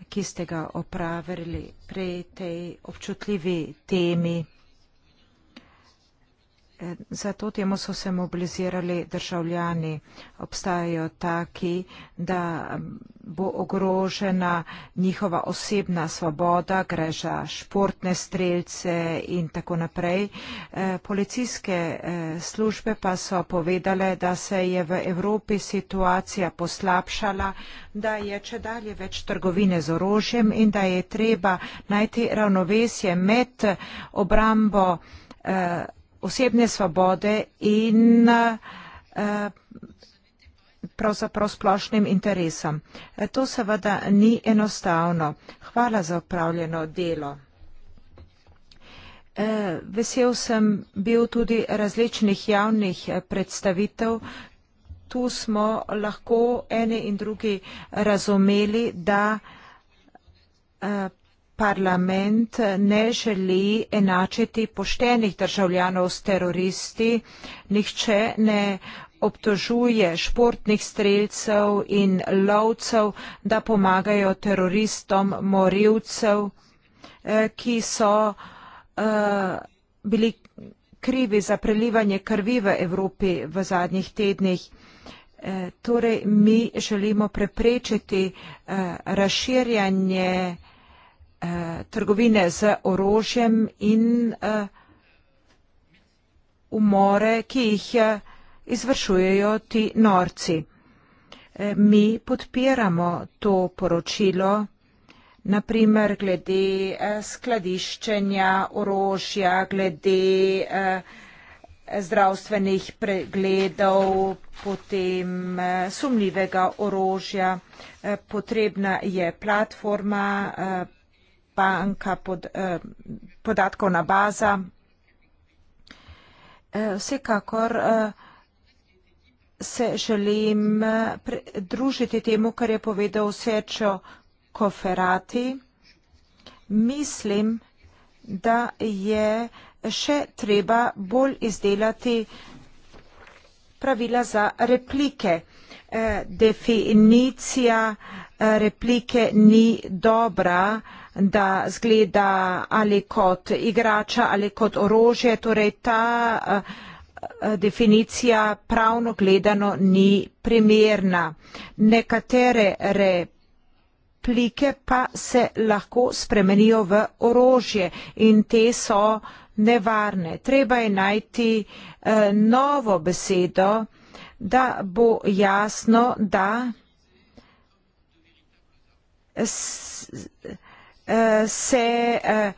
ki ste ga opravili pri tej občutljivi temi za to temo so se mobilizirali državljani. Obstajajo taki, da bo ogrožena njihova osebna svoboda, gre za športne streljce in tako naprej. E, policijske e, službe pa so povedale, da se je v Evropi situacija poslabšala, da je če dalje več trgovine z orožjem in da je treba najti ravnovesje med obrambo e, osebne svobode in eh, pravzaprav splošnim interesom. Eh, to seveda ni enostavno. Hvala za upravljeno delo. Eh, vesel sem bil tudi različnih javnih predstavitev. Tu smo lahko eni in drugi razumeli, da parlament ne želi enačiti poštenih državljanov s teroristi, nihče ne obtožuje športnih streljcev in lovcev, da pomagajo teroristom morilcev, eh, ki so eh, bili krivi za prelivanje krvi v Evropi v zadnjih tednih. Eh, torej, mi želimo preprečiti razširjanje eh, trgovine z orožjem in eh, umore, ki jih eh, izvršujejo ti norci. Eh, mi podpiramo to poročilo, naprimer glede eh, skladiščenja orožja, glede eh, zdravstvenih pregledov, potem eh, sumljivega orožja. Eh, potrebna je platforma, eh, banka, pod, eh, podatkovna baza. Eh, vsekakor eh, se želim eh, družiti temu, kar je povedal Sečo Koferati. Mislim, da je še treba bolj izdelati pravila za replike. Eh, definicija eh, replike ni dobra, da zgleda ali kot igrača ali kot orožje. Torej ta eh, definicija pravno gledano ni primerna. Nekatere replike pa se lahko spremenijo v orožje in te so nevarne. Treba je najti eh, novo besedo, da bo jasno, da se eh,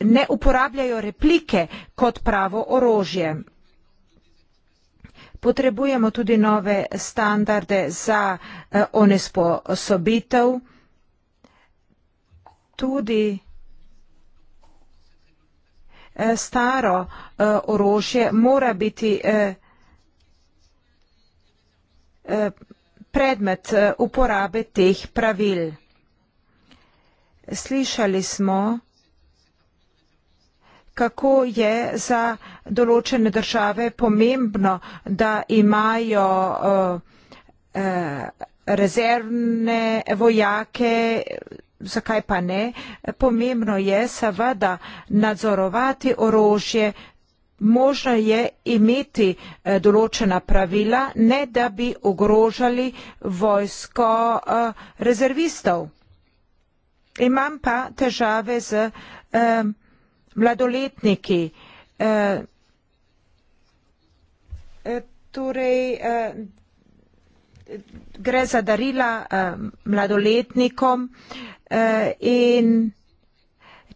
ne uporabljajo replike kot pravo orožje. Potrebujemo tudi nove standarde za eh, onesposobitev, tudi eh, staro orožje mora biti predmet uporabe teh pravil slišali smo, kako je za določene države pomembno, da imajo uh, uh, rezervne vojake, zakaj pa ne. Pomembno je seveda nadzorovati orožje, možno je imeti uh, določena pravila, ne da bi ogrožali vojsko uh, rezervistov. Imam pa težave z eh, mladoletniki. Eh, eh, torej, eh, Gre za darila eh, mladoletnikom eh, in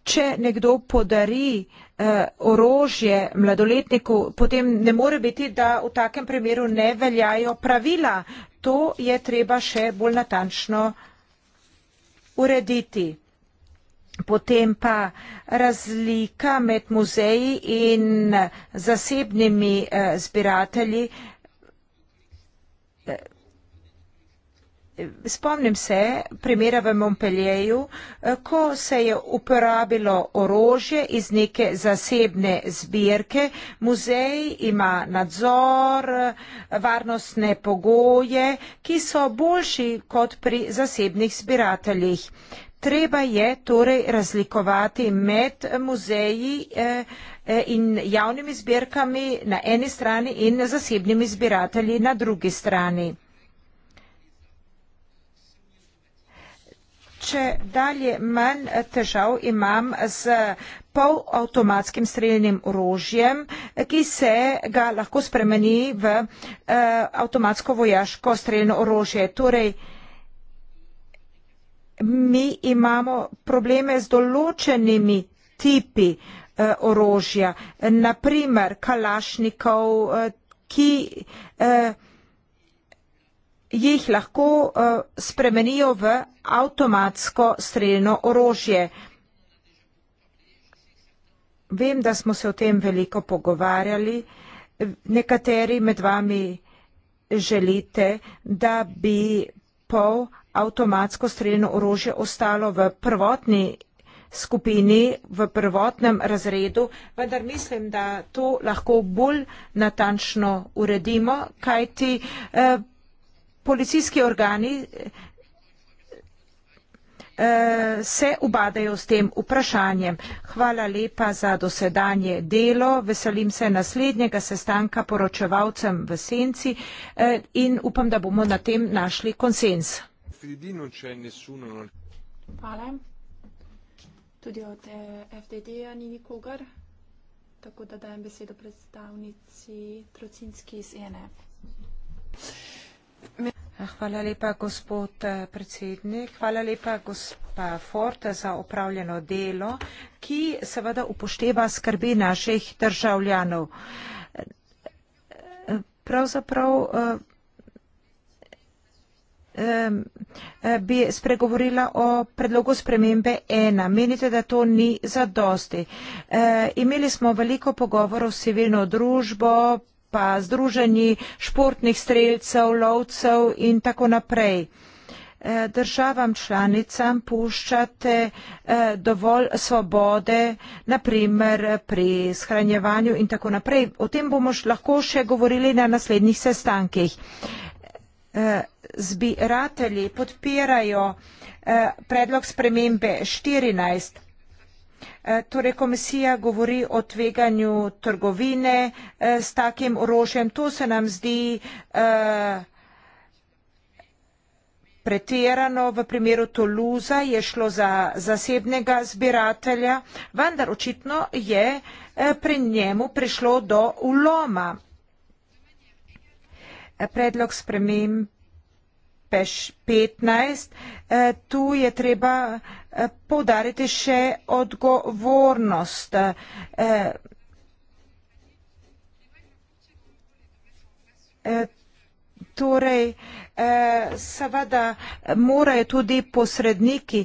če nekdo podari eh, orožje mladoletniku, potem ne more biti, da v takem primeru ne veljajo pravila. To je treba še bolj natančno urediti. Potem pa razlika med muzeji in zasebnimi eh, zbiratelji. Eh, Spomnim se primera v Montpellieru, eh, ko se je uporabilo orožje iz neke zasebne zbirke. Muzej ima nadzor, eh, varnostne pogoje, ki so boljši kot pri zasebnih zbirateljih. Treba je torej razlikovati med muzeji eh, in javnimi zbirkami na eni strani in zasebnimi zbirateli na drugi strani. če dalje manj težav imam z polavtomatskim strelnim orožjem, ki se ga lahko spremeni v uh, avtomatsko vojaško strelno orožje. Torej, mi imamo probleme z določenimi tipi uh, orožja, naprimer kalašnikov, uh, ki uh, jih lahko uh, spremenijo v avtomatsko streljno orožje. Vem, da smo se o tem veliko pogovarjali. Nekateri med vami želite, da bi pol avtomatsko streljno orožje ostalo v prvotni skupini, v prvotnem razredu, vendar mislim, da to lahko bolj natančno uredimo, kajti eh, policijski organi eh, se ubadajo s tem vprašanjem. Hvala lepa za dosedanje delo. Veselim se naslednjega sestanka poročevalcem v senci eh, in upam, da bomo na tem našli konsens. Hvala. Tudi od eh, FDD-ja ni nikogar, tako da dajem besedo predstavnici Trocinski iz ENF. Hvala lepa, gospod eh, predsednik. Hvala lepa, gospa Ford, za upravljeno delo, ki seveda upošteva skrbi naših državljanov. Pravzaprav eh, eh, bi spregovorila o predlogu spremembe ena. Menite, da to ni zadosti. Imeli smo veliko pogovorov s civilno družbo, pa združeni športnih streljcev, lovcev in tako naprej. Eh, državam članicam puščate eh, dovolj svobode, naprimer pri shranjevanju in tako naprej. O tem bomo lahko še govorili na naslednjih sestankih. Eh, zbiratelji podpirajo predlog spremembe 14. Eh, torej komisija govori o tveganju trgovine eh, s takim orožjem. To se nam zdi eh, pretirano. V primeru Toluza je šlo za zasebnega zbiratelja, vendar očitno je pri njemu prišlo do uloma. Predlog sprememb Budimpeš 15, e, tu je treba e, podariti še odgovornost. E, torej, seveda morajo tudi posredniki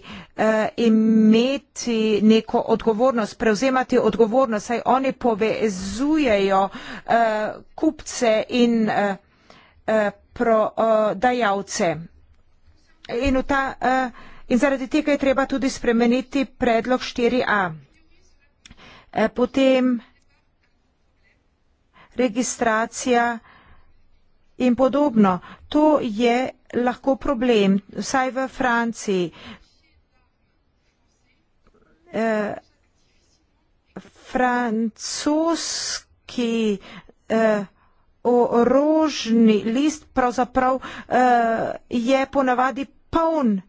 imeti neko odgovornost, prevzemati odgovornost, saj oni povezujejo kupce in prodajalce. In, ta, eh, in zaradi tega je treba tudi spremeniti predlog 4a. Eh, potem registracija in podobno. To je lahko problem, vsaj v Franciji. Eh, francoski orožni list pravzaprav uh, je ponavadi poln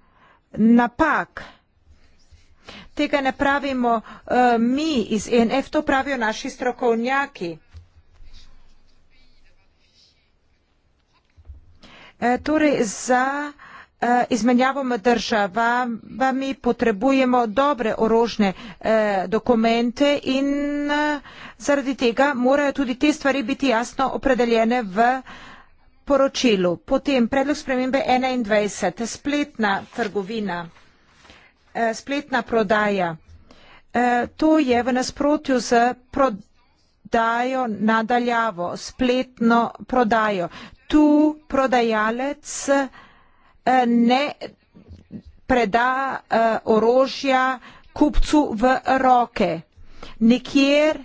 napak. Tega ne pravimo uh, mi iz ENF, to pravijo naši strokovnjaki. E, torej za Eh, izmenjavama državami potrebujemo dobre orožne eh, dokumente in eh, zaradi tega morajo tudi te stvari biti jasno opredeljene v poročilu. Potem predlog spremembe 21. Spletna trgovina, spletna prodaja. To je v nasprotju z prodajo nadaljavo, spletno prodajo. Tu prodajalec Eh, ne preda eh, orožja kupcu v roke. Nikjer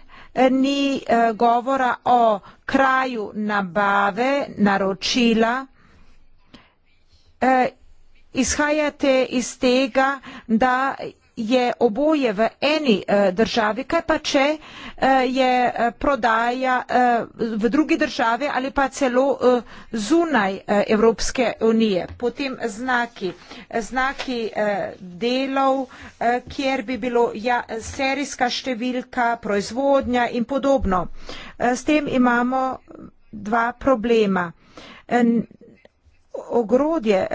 eh, ni govora o kraju nabave, naročila. Izhajate iz tega, da je oboje v eni eh, državi, kaj pa če eh, je eh, prodaja v drugi državi ali pa celo zunaj Evropske unije. Potem znaki, znaki delov, kjer bi bilo ja, serijska številka, proizvodnja in podobno. S tem imamo dva problema. Ogrodje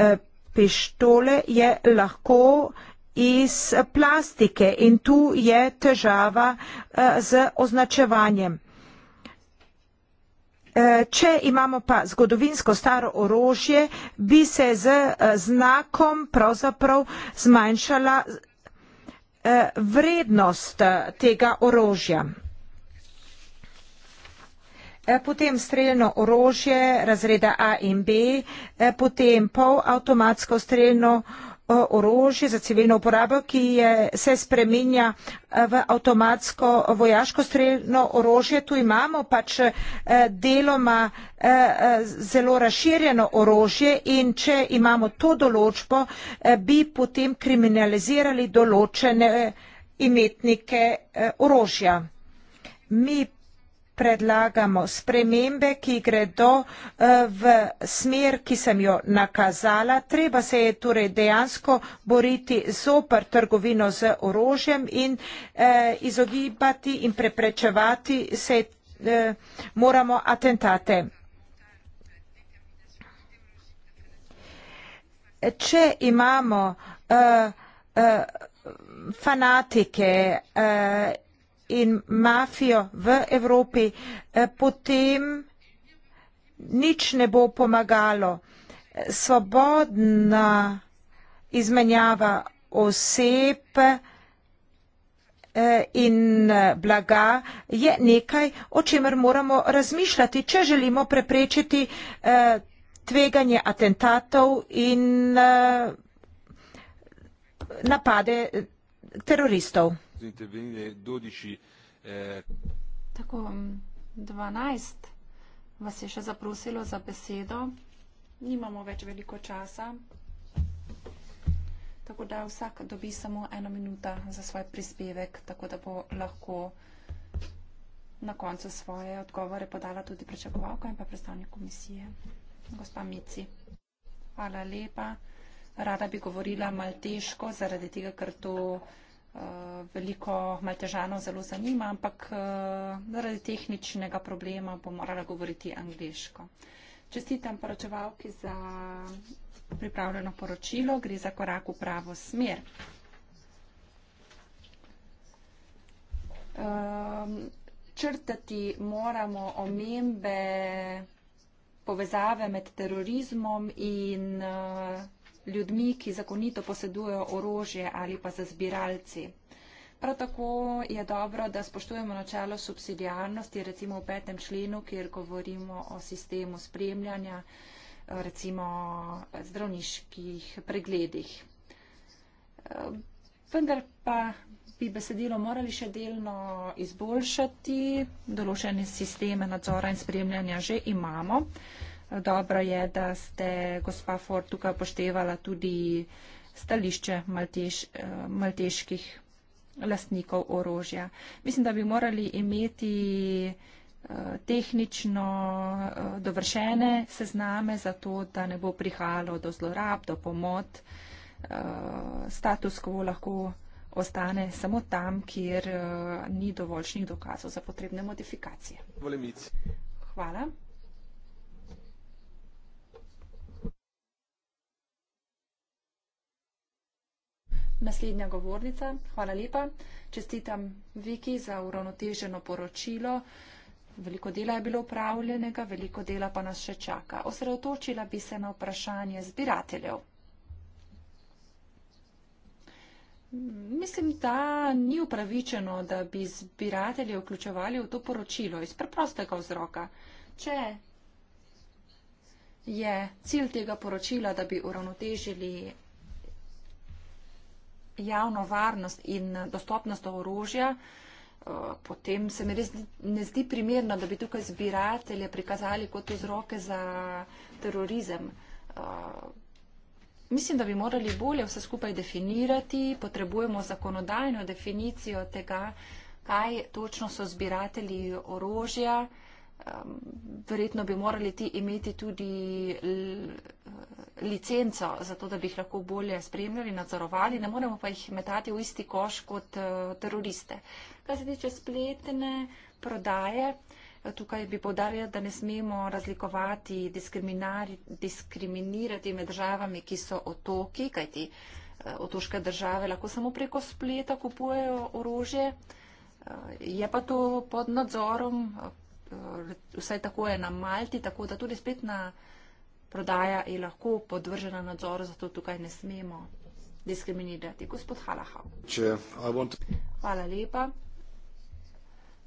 pištole je lahko iz plastike in tu je težava eh, z označevanjem. Eh, če imamo pa zgodovinsko staro orožje, bi se z eh, znakom pravzaprav zmanjšala vrednost tega orožja. Potem streljno orožje razreda A in B, potem polavtomatsko streljno orožje, orožje za civilno uporabo, ki je, se spreminja eh, v avtomatsko vojaško strelno orožje. Tu imamo pač eh, deloma eh, zelo razširjeno orožje in če imamo to določbo, bi potem kriminalizirali določene imetnike orožja. Mi predlagamo spremembe, ki gredo eh, v smer, ki sem jo nakazala. Treba se je torej dejansko boriti zopr trgovino z orožjem in eh, izogibati in preprečevati se eh, moramo atentate. Če imamo fanatike in in mafijo v Evropi, eh, potem nič ne bo pomagalo. Svobodna izmenjava oseb eh, in eh, blaga je nekaj, o čemer moramo razmišljati, če želimo preprečiti tveganje atentatov in napade teroristov zintervenile 12. Eh. Tako, 12 vas je še zaprosilo za besedo. Nimamo več veliko časa, tako da vsak dobi samo eno minuto za svoj prispevek, tako da bo lahko na koncu svoje odgovore podala tudi pričakovalka in pa predstavnik komisije. Gospa Mici, hvala lepa. Rada bi govorila malteško, zaradi tega, ker to. Eh, veliko maltežano zelo zanima, ampak eh, zaradi tehničnega problema bo morala govoriti angliško. Čestitam poročevalki za pripravljeno poročilo, gre za korak v pravo smer. Ehm, črtati moramo omembe povezave med terorizmom in eh, ljudmi, ki zakonito posedujejo orožje ali pa za zbiralci. Prav tako je dobro, da spoštujemo načelo subsidijarnosti, recimo v petem členu, kjer govorimo o sistemu spremljanja, recimo zdravniških pregledih. Vendar pa bi besedilo morali še delno izboljšati, določene sisteme nadzora in spremljanja že imamo. Dobro je, da ste, gospa Ford, tukaj upoštevala tudi stališče malteš, eh, malteških lastnikov orožja. Mislim, da bi morali imeti eh, tehnično eh, dovršene sezname, zato da ne bo prihajalo do zlorab, do pomot. Status quo lahko ostane samo tam, kjer ni dovoljšnih dokazov za potrebne modifikacije. Volemic. Hvala. Naslednja govornica, hvala lepa. Čestitam Viki za uravnoteženo poročilo. Veliko dela je bilo upravljenega, veliko dela pa nas še čaka. Osredotočila bi se na vprašanje zbirateljev. Mislim, da ni upravičeno, da bi zbiratelje vključevali v to poročilo iz preprostega vzroka. Če je cilj tega poročila, da bi uravnotežili javno varnost in eh, dostopnost do orožja, eh, potem se mi res ne zdi primerno, da bi tukaj zbiratelje prikazali kot vzroke za terorizem. Eh, mislim, da bi morali bolje vse skupaj definirati, potrebujemo zakonodajno definicijo tega, kaj točno so zbirateli orožja verjetno bi morali ti imeti tudi licenco, zato da bi jih lahko bolje spremljali, nadzorovali, ne moremo pa jih metati v isti koš kot eh, teroriste. Kar se tiče spletne prodaje, eh, tukaj bi povdarjala, da ne smemo razlikovati, diskriminirati med državami, ki so otoki, kajti eh, otoške države lahko samo preko spleta kupujejo orožje. Je pa to pod nadzorom vsaj tako je na Malti, tako da tudi spletna prodaja je lahko podvržena nadzoru, zato tukaj ne smemo diskriminirati. Gospod Halahav. Hvala lepa.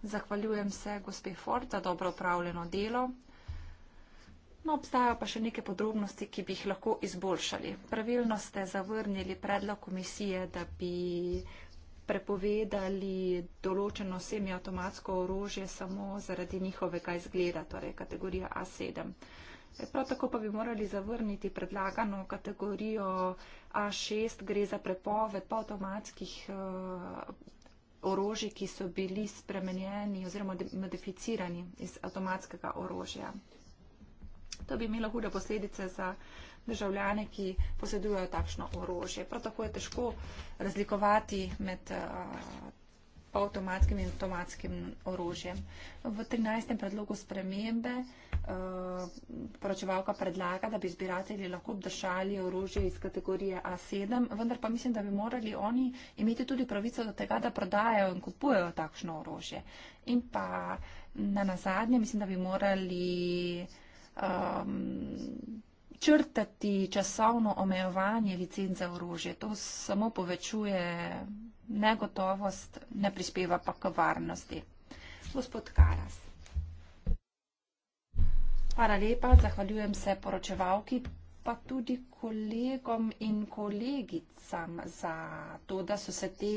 Zahvaljujem se gospe Ford za dobro upravljeno delo. No, obstajajo pa še neke podrobnosti, ki bi jih lahko izboljšali. Pravilno ste zavrnili predlog komisije, da bi prepovedali določeno semiautomatsko orožje samo zaradi njihovega izgleda, torej kategorija A7. Prav tako pa bi morali zavrniti predlagano kategorijo A6, gre za prepoved pa avtomatskih eh, orožij, ki so bili spremenjeni oziroma modificirani iz avtomatskega orožja. To bi imelo hude posledice za državljane, ki posedujejo takšno orožje. Prav tako je težko razlikovati med eh, avtomatskim in avtomatskim orožjem. V 13. predlogu spremembe eh, poročevalka predlaga, da bi zbiratelji lahko obdržali orožje iz kategorije A7, vendar pa mislim, da bi morali oni imeti tudi pravico do tega, da prodajajo in kupujejo takšno orožje. In pa mm, na nazadnje mislim, da bi morali. Um, črtati časovno omejevanje licence orožje. To samo povečuje negotovost, ne prispeva pa k varnosti. Gospod Karas. Hvala lepa, zahvaljujem se poročevalki, pa tudi kolegom in kolegicam za to, da so se te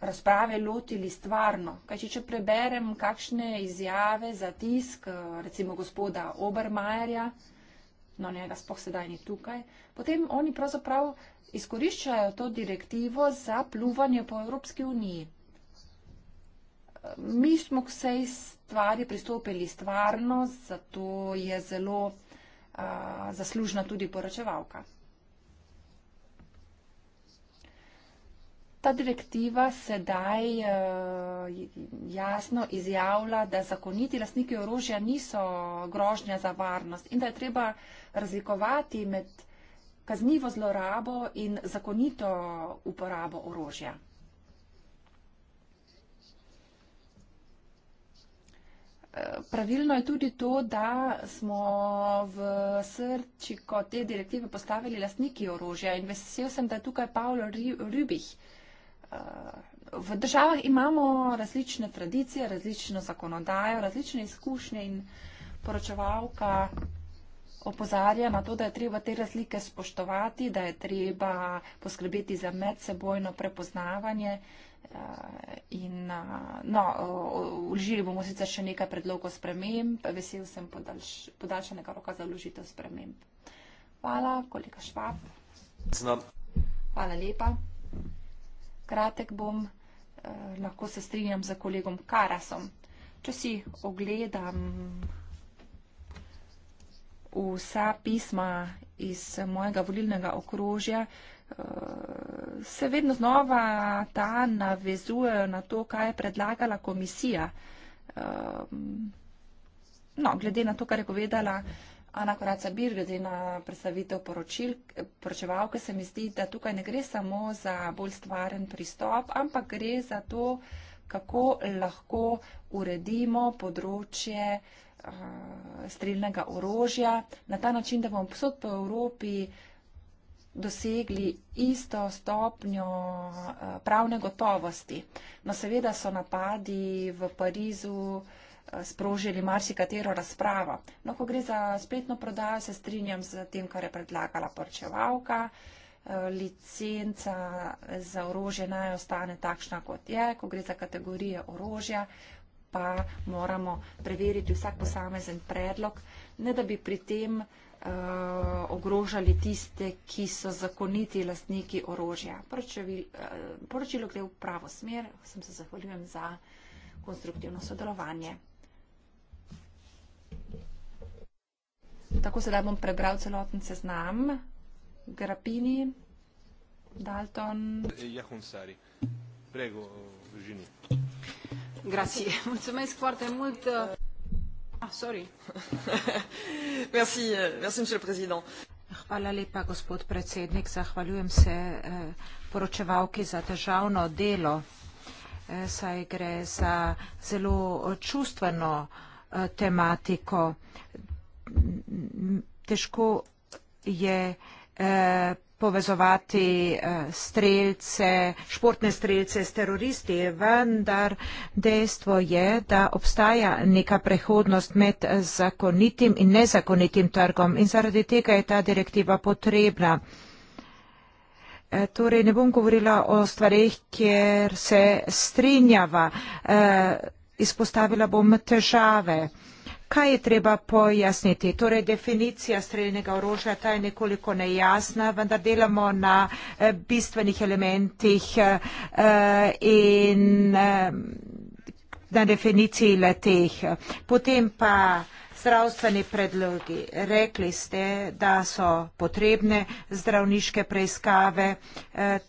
razprave lotili stvarno. Kaj če preberem, kakšne izjave za tisk, recimo gospoda Obermajerja, no njega spoh sedaj ni tukaj, potem oni pravzaprav izkoriščajo to direktivo za pluvanje po Evropski uniji. Mi smo k vsej stvari pristopili stvarno, zato je zelo uh, zaslužna tudi poročevalka. Ta direktiva sedaj eh, jasno izjavlja, da zakoniti lastniki orožja niso grožnja za varnost in da je treba razlikovati med kaznivo zlorabo in zakonito uporabo orožja. Eh, pravilno je tudi to, da smo v srčiko te direktive postavili lastniki orožja in vesel sem, da je tukaj Paolo Rübih. Rü Rü v državah imamo različne tradicije, različno zakonodajo, različne izkušnje in poročevalka opozarja na to, da je treba te razlike spoštovati, da je treba poskrbeti za medsebojno prepoznavanje. Eh, in, eh, no, vložili bomo sicer še nekaj predlogov sprememb, vesel sem podalj, podaljšanega roka za vložitev sprememb. Hvala, kolega Švab. Znam. Hvala lepa kratek bom, eh, lahko se strinjam za kolegom Karasom. Če si ogledam vsa pisma iz mojega volilnega okrožja, eh, se vedno znova ta navezujejo na to, kaj je predlagala komisija. Eh, no, glede na to, kar je povedala Ana Koraca Bir, glede na predstavitev poročil, poročevalke se mi zdi, da tukaj ne gre samo za bolj stvaren pristop, ampak gre za to, kako lahko uredimo področje uh, strelnega orožja na ta način, da bomo vsod po Evropi dosegli isto stopnjo uh, pravne gotovosti. No seveda so napadi v Parizu uh, sprožili marsikatero razpravo. No, ko gre za spletno prodajo, se strinjam z tem, kar je predlagala porčevalka. E, licenca za orožje naj ostane takšna, kot je. Ko gre za kategorije orožja, pa moramo preveriti vsak posamezen predlog, ne da bi pri tem e, ogrožali tiste, ki so zakoniti lastniki orožja. E, poročilo gre v pravo smer. Sem se zahvaljujem za konstruktivno sodelovanje. Tako se da bom prebral celoten seznam. Grapini, Dalton. Jahunsari. Prego, Žini. Grazie. Mulțumesc foarte mult. Ah, sorry. merci, merci, monsieur le président. Hvala lepa, gospod predsednik. Zahvaljujem se eh, poročevalki za državno delo, eh, saj gre za zelo čustveno eh, tematiko težko je eh, povezovati eh, strelce, športne strelce s teroristi, vendar dejstvo je, da obstaja neka prehodnost med zakonitim in nezakonitim trgom in zaradi tega je ta direktiva potrebna. Eh, torej, ne bom govorila o stvarih, kjer se strinjava. Izpostavila bom težave. Kaj je treba pojasniti? Torej, definicija streljnega orožja ta je nekoliko nejasna, vendar delamo na eh, bistvenih elementih eh, in eh, na definiciji leteh. Potem pa zdravstveni predlogi. Rekli ste, da so potrebne zdravniške preiskave.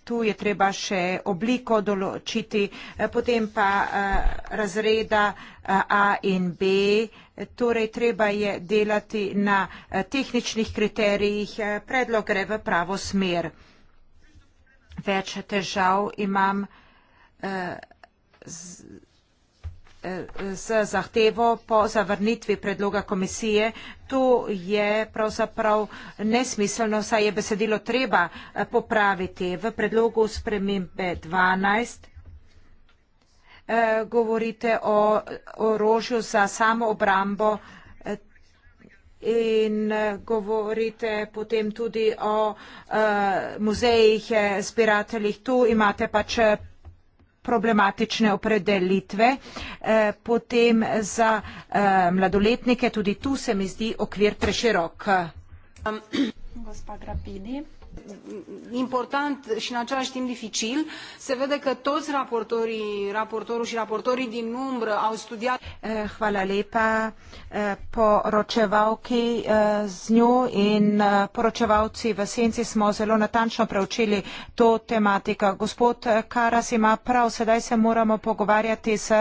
Tu je treba še obliko določiti. Potem pa razreda A in B Torej, treba je delati na eh, tehničnih kriterijih, eh, predlog gre v pravo smer. Več težav imam eh, z, z zahtevo po zavrnitvi predloga komisije. To je pravzaprav nesmiselno, saj je besedilo treba popraviti. V predlogu spremembe 12 Eh, govorite o orožju za samo obrambo eh, in eh, govorite potem tudi o muzejih, spirateljih. Tu imate pač problematične opredelitve. Potem za mladoletnike tudi tu se mi zdi okvir preširok. Gospa Grabini important și în același timp dificil. Se vede că toți raportorii, raportorul și raportorii din umbră au studiat. Eh, hvala lepa eh, poročevalki eh, z njo in poročevalci v senci smo zelo natančno preučili to tematiko. Gospod Karas ima prav, sedaj se moramo pogovarjati s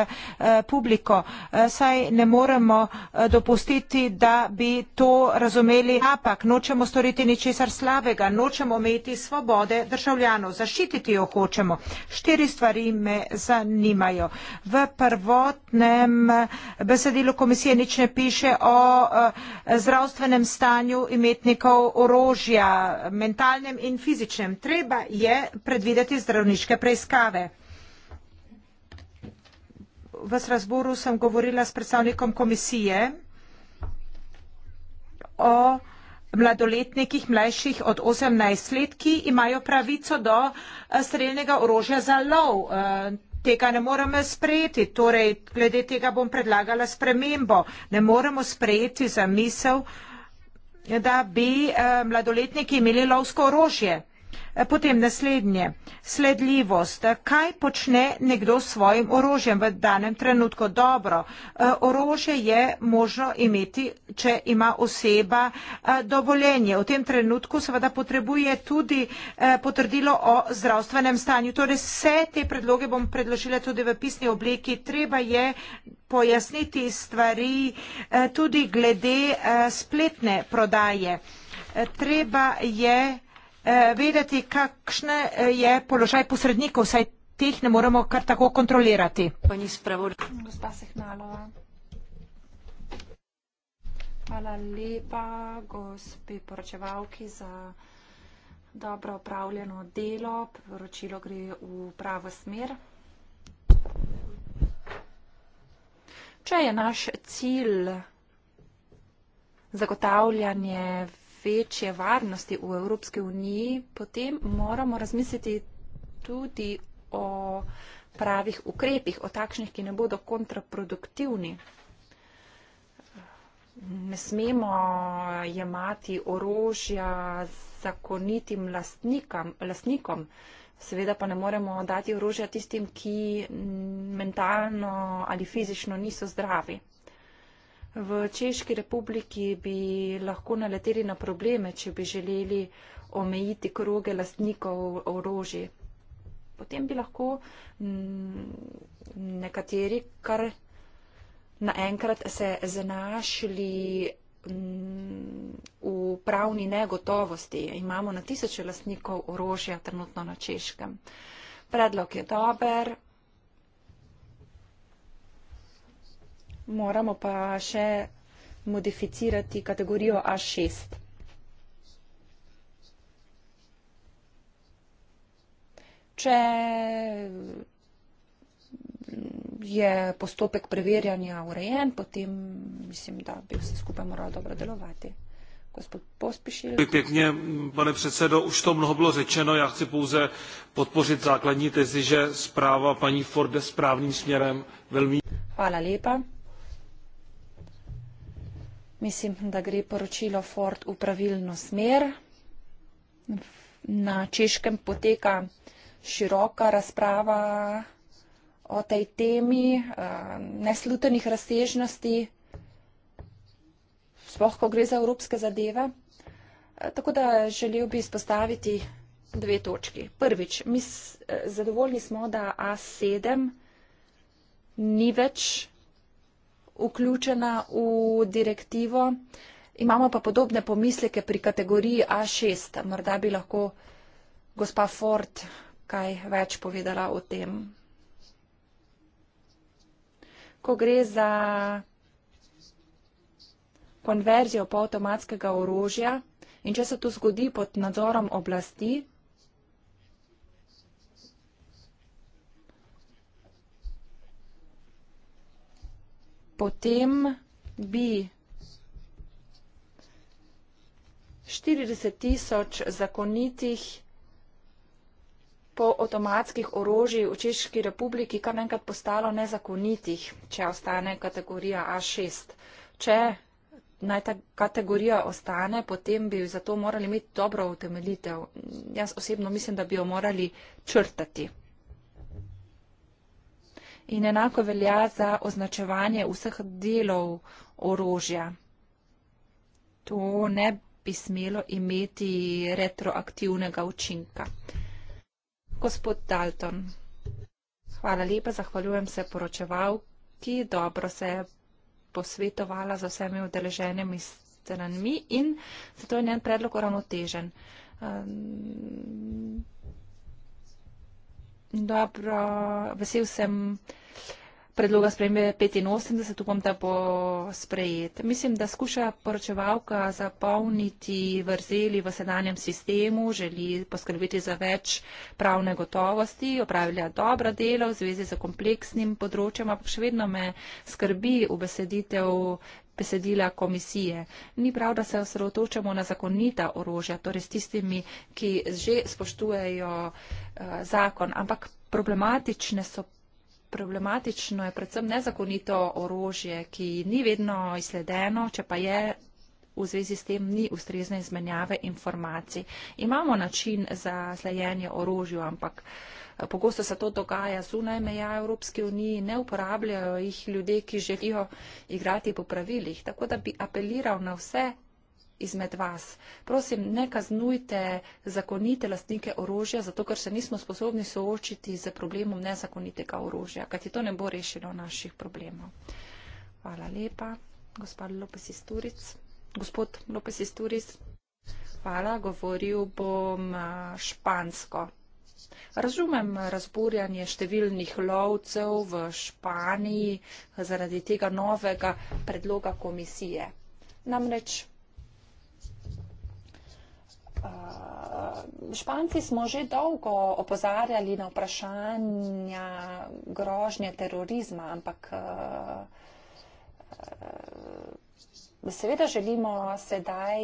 publiko. Saj ne moremo dopustiti, da bi to razumeli napak. Nočemo storiti ničesar slabega, nočemo ometi svobode državljanov. Zaščititi jo hočemo. Štiri stvari me zanimajo. V prvotnem eh, besedilu komisije nič ne piše o eh, zdravstvenem stanju imetnikov orožja, mentalnem in fizičnem. Treba je predvideti zdravniške preiskave. V Srasboru sem govorila s predstavnikom komisije o mladoletnikih mlajših od 18 let, ki imajo pravico do eh, strelnega orožja za lov. Eh, tega ne moremo sprejeti, torej glede tega bom predlagala spremembo. Ne moremo sprejeti za misel, da bi eh, mladoletniki imeli lovsko orožje. Eh, potem naslednje, sledljivost. Kaj počne nekdo s svojim orožjem v danem trenutku? Dobro, eh, orožje je možno imeti, če ima oseba eh, dovoljenje. V tem trenutku seveda potrebuje tudi potrdilo o zdravstvenem stanju. Torej vse te predloge bom predložila tudi v pisni obliki. Treba je pojasniti stvari tudi glede spletne prodaje. Treba je. Eh, vedeti, kakšne eh, je položaj posrednikov, saj teh ne moremo kar tako kontrolirati. Hvala lepa gospe poročevalki za dobro opravljeno delo. Poročilo gre v pravo smer. Če je naš cilj zagotavljanje večje varnosti v Evropski uniji, potem moramo razmisliti tudi o pravih ukrepih, o takšnih, ki ne bodo kontraproduktivni. Ne smemo jemati orožja zakonitim lastnikam, lastnikom, seveda pa ne moremo dati orožja tistim, ki mentalno ali fizično niso zdravi. V Češki republiki bi lahko naleteli na probleme, če bi želeli omejiti kroge lastnikov orožij. Potem bi lahko mm, nekateri kar naenkrat se zanašli mm, v pravni negotovosti. Imamo na tisoče lastnikov orožja trenutno na Češkem. Predlog je dober, moramo pa še modificirati kategorijo A6. Če je postopek preverjanja urejen, potem mislim, da bi vse skupaj moralo dobro delovati. Gospod Pospišil. Pekne, pane predsedo, už to mnoho bilo řečeno, ja chci pouze podpořit základní tezi, že správa paní Ford je správnym smerom veľmi... Hvala lepa. Mislim, da gre poročilo Ford v pravilno smer. Na češkem poteka široka razprava o tej temi eh, neslutenih razsežnosti, sploh ko gre za evropske zadeve. Eh, tako da želel bi izpostaviti dve točki. Prvič, mi eh, zadovoljni smo, da A7 ni več vključena v direktivo. Imamo pa podobne pomisleke pri kategoriji A6. Morda bi lahko gospa Ford kaj več povedala o tem. Ko gre za konverzijo polautomatskega orožja in če se to zgodi pod nadzorom oblasti, potem bi 40 tisoč zakonitih po otomatskih orožji v Češki republiki kar naenkrat postalo nezakonitih, če ostane kategorija A6. Če naj ta kategorija ostane, potem bi za to morali imeti dobro utemeljitev. Jaz osebno mislim, da bi jo morali črtati in enako velja za označevanje vseh delov orožja. To ne bi smelo imeti retroaktivnega učinka. Gospod Dalton, hvala lepa, zahvaljujem se poročevalki, dobro se je posvetovala z vsemi udeleženimi stranmi in zato je njen predlog uravnotežen. Um, Dobro, vesel sem, predloga spremembe 85, upam, da bo sprejet. Mislim, da skuša poročevalka zapolniti vrzeli v sedanjem sistemu, želi poskrbeti za več pravne gotovosti, opravlja dobra delo v zvezi z kompleksnim področjem, ampak še vedno me skrbi v beseditev besedila komisije. Ni prav, da se osredotočamo na zakonita orožja, torej s tistimi, ki že spoštujejo uh, zakon, ampak problematične so problematično je predvsem nezakonito orožje, ki ni vedno izsledeno, če pa je v zvezi s tem ni ustrezne izmenjave informacij. Imamo način za slajenje orožju, ampak eh, pogosto se to dogaja zunaj meja Evropske unije, ne uporabljajo jih ljudje, ki želijo igrati po pravilih. Tako da bi apeliral na vse izmed vas. Prosim, ne kaznujte zakonite lastnike orožja, zato ker se nismo sposobni soočiti z problemom nezakonitega orožja, kajti to ne bo rešilo naših problemov. Hvala lepa, gospod Lopes Isturic. Gospod Lopes Isturic, hvala, govoril bom špansko. Razumem razburjanje številnih lovcev v Španiji zaradi tega novega predloga komisije. Namreč Eh, Španci smo že dolgo opozarjali na vprašanja grožnje terorizma, ampak eh, eh, seveda želimo sedaj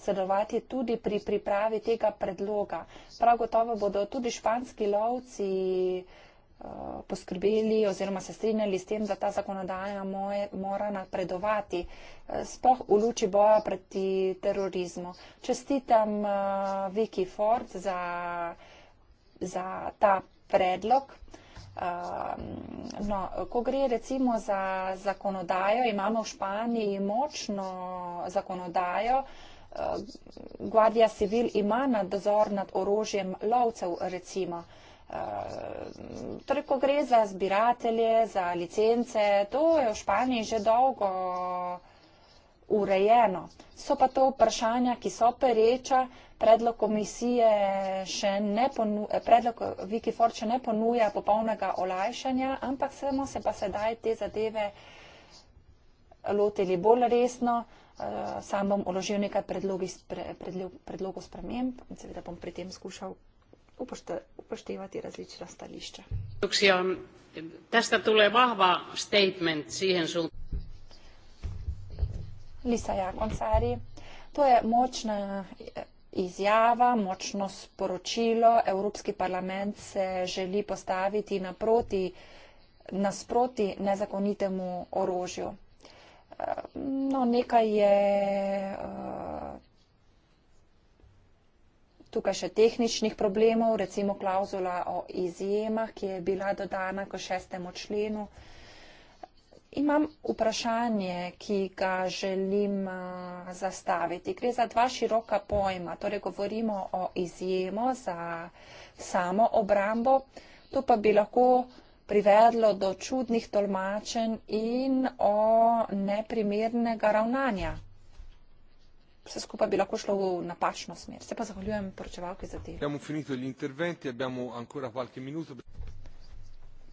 sodelovati tudi pri pripravi tega predloga. Prav gotovo bodo tudi španski lovci Eh, poskrbeli oziroma se strinjali s tem, da ta zakonodaja moje, mora napredovati, eh, sploh v luči boja proti terorizmu. Čestitam uh, eh, Viki Ford za, za ta predlog. Uh, no, ko gre recimo za zakonodajo, imamo v Španiji močno zakonodajo. Uh, Guardia Civil ima nadzor nad orožjem lovcev, recimo. Uh, Eh, torej, ko gre za zbiratelje, za licence, to je v Španiji že dolgo urejeno. So pa to vprašanja, ki so pereča, predlog komisije še ne ponuja, eh, predlog Wikifor še ne ponuja popolnega olajšanja, ampak smo se pa sedaj te zadeve lotili bolj resno. Eh, sam bom uložil nekaj predlogov predlog, predlog sprememb in seveda bom pri tem skušal upoštevati različna stališča. Tästä tulee vahva statement siihen suuntaan. Lisa Jakonsari, to je močna eh, izjava, močno sporočilo. Evropski parlament se želi postaviti naproti, nasproti nezakonitemu orožju. Eh, no, nekaj je uh, tukaj še tehničnih problemov, recimo klauzula o izjemah, ki je bila dodana k šestemu členu. Imam vprašanje, ki ga želim zastaviti. Gre za dva široka pojma. Torej, govorimo o izjemo za samo obrambo. To pa bi lahko privedlo do čudnih tolmačen in o neprimernega ravnanja vse skupaj bi lahko šlo v napačno smer. Se pa zahvaljujem poročevalki za te. Imamo finito gli interventi, imamo ancora qualche minuto.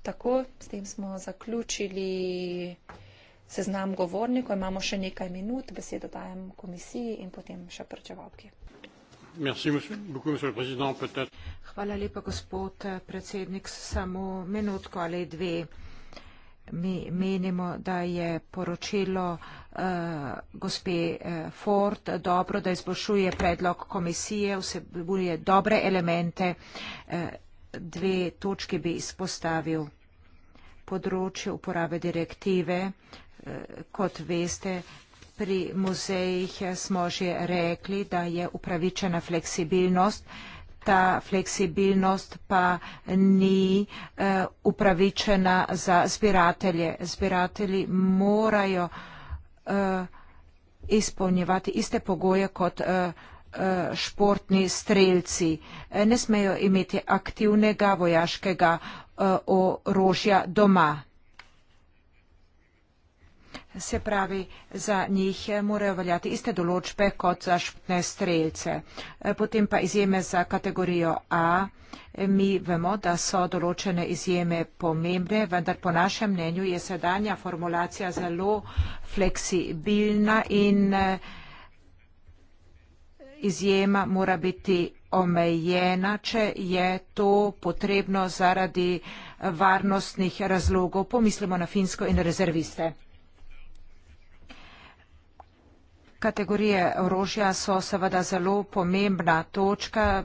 Tako, s tem smo zaključili seznam govornikov, imamo še nekaj minut, besedo dajem komisiji in potem še poročevalki. Hvala lepa, gospod eh, predsednik, samo minutko ali dve mi menimo, da je poročilo uh, gospe eh, Ford dobro, da izboljšuje predlog komisije, vsebuje dobre elemente. Uh, dve točke bi izpostavil. Področje uporabe direktive, uh, kot veste, pri muzejih smo že rekli, da je upravičena fleksibilnost. Uh, ta fleksibilnost pa ni uh, upravičena za zbiratelje. Zbiratelji morajo uh, izpolnjevati iste pogoje kot uh, uh, športni strelci. Ne smejo imeti aktivnega vojaškega uh, orožja doma. Se pravi, za njih eh, morajo veljati iste določbe kot za športne strelce. Eh, potem pa izjeme za kategorijo A. Eh, mi vemo, da so določene izjeme pomembne, vendar po našem mnenju je sedanja formulacija zelo fleksibilna in izjema mora biti omejena, če je to potrebno zaradi varnostnih razlogov. Pomislimo na finsko in rezerviste. kategorije orožja so seveda zelo pomembna točka.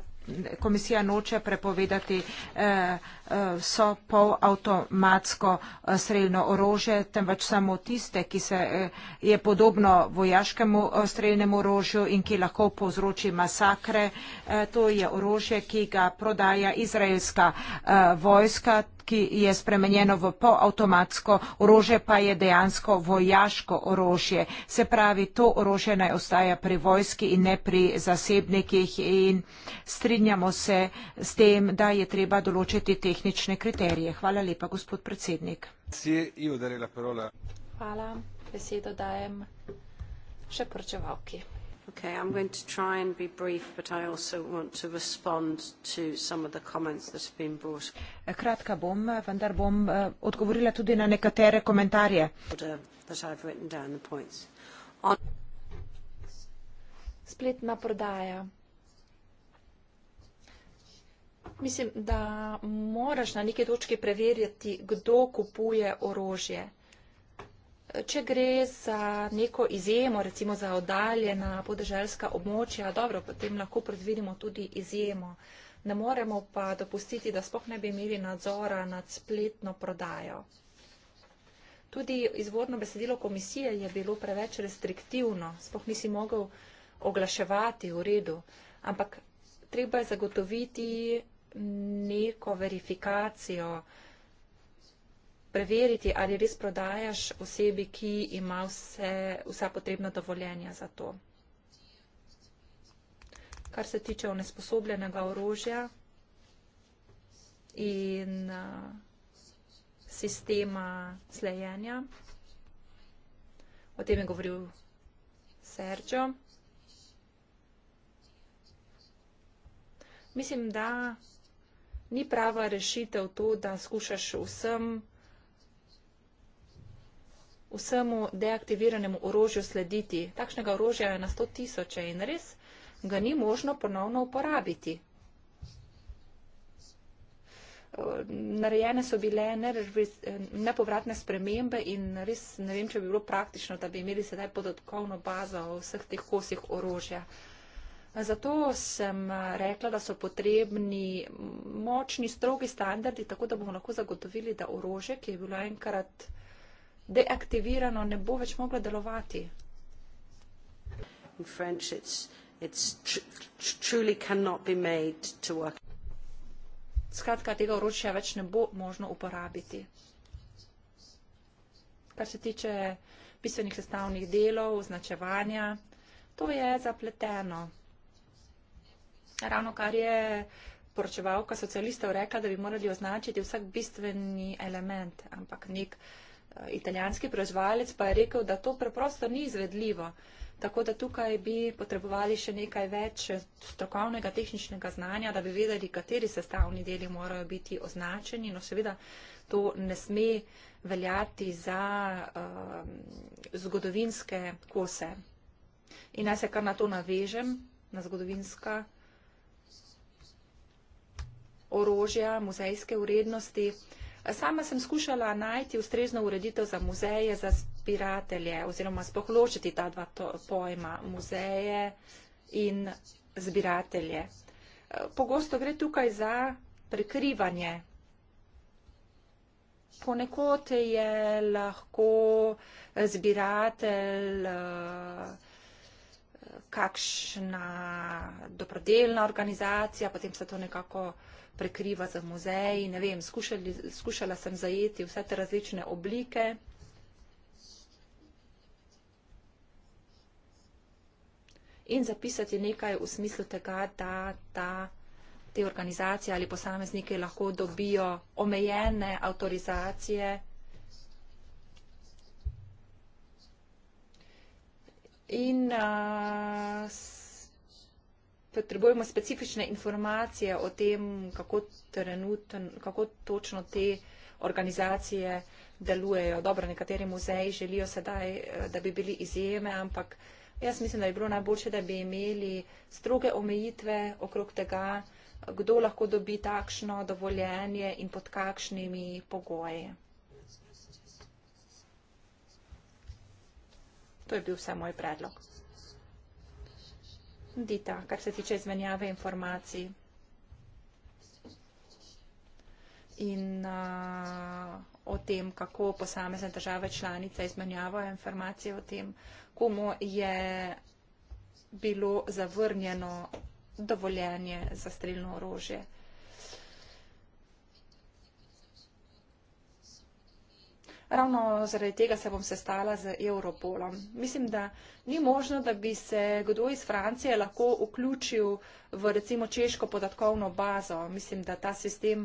Komisija noče prepovedati eh, Eh, so polavtomatsko eh, streljno orožje, temveč samo tiste, ki se eh, je podobno vojaškemu streljnemu orožju in ki lahko povzroči masakre. To je orožje, ki ga prodaja izraelska vojska ki je spremenjeno v polavtomatsko orožje, pa je dejansko vojaško orožje. Se pravi, to orožje naj ostaja pri vojski in ne pri zasebnikih in strinjamo se s tem, da je treba določiti tehnično tehnične kriterije. Hvala lepa, gospod predsednik. Hvala. Besedo dajem še poročevalki. Okay, I'm going to try and be brief, but I also want to respond to some of the comments that have been brought. Kratka bom, vendar bom uh, odgovorila tudi na nekatere komentarje. That I've written down the points. On... Spletna prodaja. Mislim, da moraš na neki točki preverjati, kdo kupuje orožje. Če gre za neko izjemo, recimo za oddaljena podeželska območja, dobro, potem lahko predvidimo tudi izjemo. Ne moremo pa dopustiti, da spoh ne bi imeli nadzora nad spletno prodajo. Tudi izvorno besedilo komisije je bilo preveč restriktivno, spoh nisi mogel oglaševati v redu, ampak treba je zagotoviti neko verifikacijo, preveriti, ali res prodajaš osebi, ki ima vse, vsa potrebna dovoljenja za to. Kar se tiče onesposobljenega orožja in eh, sistema slejenja, o tem je govoril Sergio. Mislim, da ni prava rešitev to, da skušaš vsem, vsemu deaktiviranemu orožju slediti. Takšnega orožja je na sto tisoče in res ga ni možno ponovno uporabiti. Narejene so bile nepovratne spremembe in res ne vem, če bi bilo praktično, da bi imeli sedaj podatkovno bazo o vseh teh kosih orožja. Zato sem eh, rekla, da so potrebni močni, strogi standardi, tako da bomo lahko zagotovili, da orože, ki je bilo enkrat deaktivirano, ne bo več moglo delovati. Skratka, tega orožja več ne bo možno uporabiti. Kar se tiče bistvenih sestavnih delov, označevanja, to je zapleteno ravno kar je poročevalka socialistov rekla, da bi morali označiti vsak bistveni element, ampak nek eh, italijanski proizvajalec pa je rekel, da to preprosto ni izvedljivo. Tako da tukaj bi potrebovali še nekaj več strokovnega tehničnega znanja, da bi vedeli, kateri sestavni deli morajo biti označeni. No seveda to ne sme veljati za uh, zgodovinske kose. In naj se kar na to navežem, na zgodovinska orožja, muzejske urednosti. Sama sem skušala najti ustrezno ureditev za muzeje, za zbiratelje oziroma spohločiti ta dva to, pojma, muzeje in zbiratelje. Pogosto gre tukaj za prekrivanje. Ponekod je lahko zbiratelj eh, kakšna dobrodelna organizacija, potem se to nekako uh, prekriva z muzeji. Ne vem, skušali, skušala sem zajeti vse te različne oblike. In zapisati nekaj v smislu tega, da ta, te organizacije ali posamezniki lahko dobijo omejene avtorizacije. In uh, potrebujemo specifične informacije o tem, kako, trenutn, kako točno te organizacije delujejo. Dobro, nekateri muzeji želijo sedaj, eh, da bi bili izjeme, ampak jaz mislim, da bi bilo najboljše, da bi imeli stroge omejitve okrog tega, kdo lahko dobi takšno dovoljenje in pod kakšnimi pogoji. To je bil vse moj predlog dita, kar se tiče izmenjave informacij. In a, uh, o tem, kako posamezne države članice izmenjavajo informacije o tem, komu je bilo zavrnjeno dovoljenje za streljno orožje. Ravno zaradi tega se bom sestala z Europolom. Mislim, da ni možno, da bi se kdo iz Francije lahko vključil v recimo češko podatkovno bazo. Mislim, da ta sistem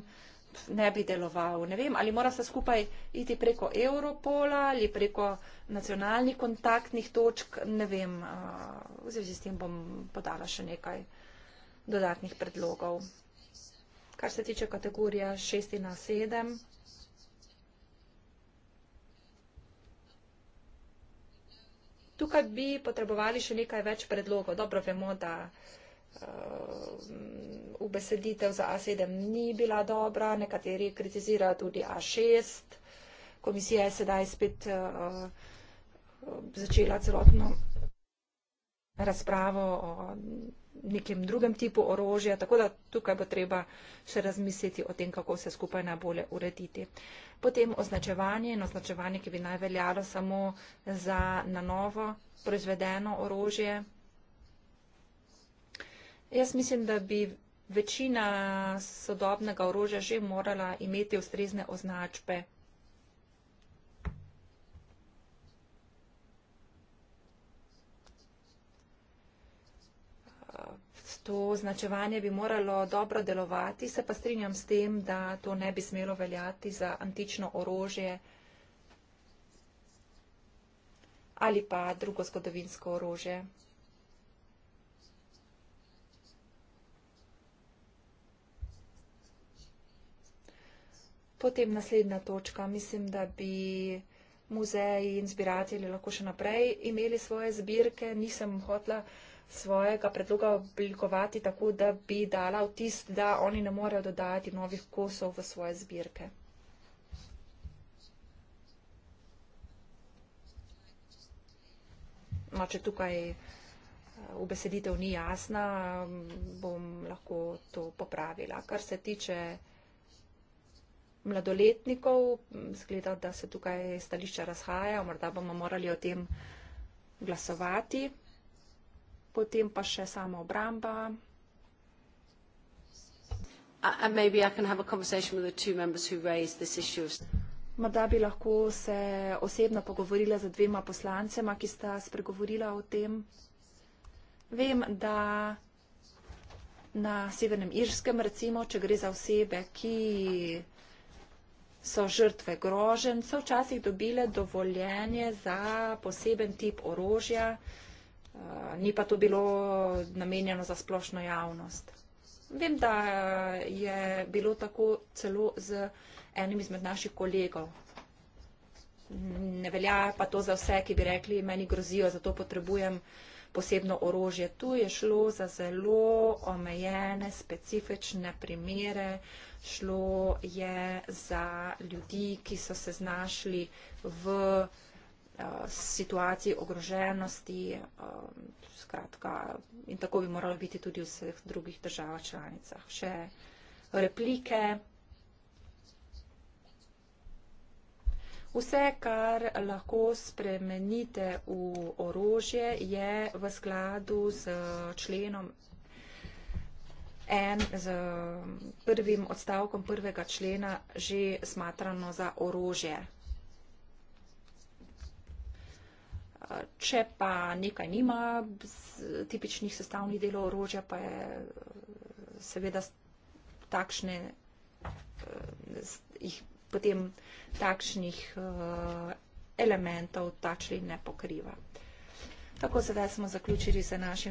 ne bi deloval. Ne vem, ali mora se skupaj iti preko Europola ali preko nacionalnih kontaktnih točk, ne vem. V zvezi s tem bom podala še nekaj dodatnih predlogov. Kar se tiče kategorija 6 na 7. Tukaj bi potrebovali še nekaj več predlogov. Dobro vemo, da eh, ubeseditev za A7 ni bila dobra, nekateri kritizirajo tudi A6. Komisija je sedaj spet eh, začela celotno razpravo o nekem drugem tipu orožja, tako da tukaj bo treba še razmisliti o tem, kako vse skupaj najbolje urediti. Potem označevanje in označevanje, ki bi naj veljalo samo za na novo proizvedeno orožje. Jaz mislim, da bi večina sodobnega orožja že morala imeti ustrezne označbe. to označevanje bi moralo dobro delovati, se pa strinjam s tem, da to ne bi smelo veljati za antično orožje ali pa drugo zgodovinsko orožje. Potem naslednja točka. Mislim, da bi muzeji in zbiratelji lahko še naprej imeli svoje zbirke. Nisem hotla uh, svojega predloga oblikovati tako, da bi dala vtis, da oni ne morejo dodajati novih kosov v svoje zbirke. No, če tukaj eh, ubeseditev ni jasna, bom lahko to popravila. Kar se tiče mladoletnikov, zgleda, da se tukaj stališča razhaja, morda bomo morali o tem glasovati potem pa še sama obramba. Morda bi lahko se osebno pogovorila z dvema poslancema, ki sta spregovorila o tem. Vem, da na Severnem Irskem, recimo, če gre za osebe, ki so žrtve grožen, so včasih dobile dovoljenje za poseben tip orožja. Eh, ni pa to bilo namenjeno za splošno javnost. Vem, da eh, je bilo tako celo z enim izmed naših kolegov. Ne velja pa to za vse, ki bi rekli, meni grozijo, zato potrebujem posebno orožje. Tu je šlo za zelo omejene, specifične primere. Šlo je za ljudi, ki so se znašli v Eh, situacij ogroženosti, eh, skratka, in tako bi moralo biti tudi v vseh drugih državah članicah. Še replike. Vse, kar lahko spremenite v orožje, je v skladu z členom en, z prvim odstavkom prvega člena že smatrano za orožje. Če pa nekaj nima tipičnih sestavnih delov orožja, pa je eh, seveda takšne, eh, jih potem takšnih eh, elementov ta člen ne pokriva. Tako sedaj smo zaključili z našim.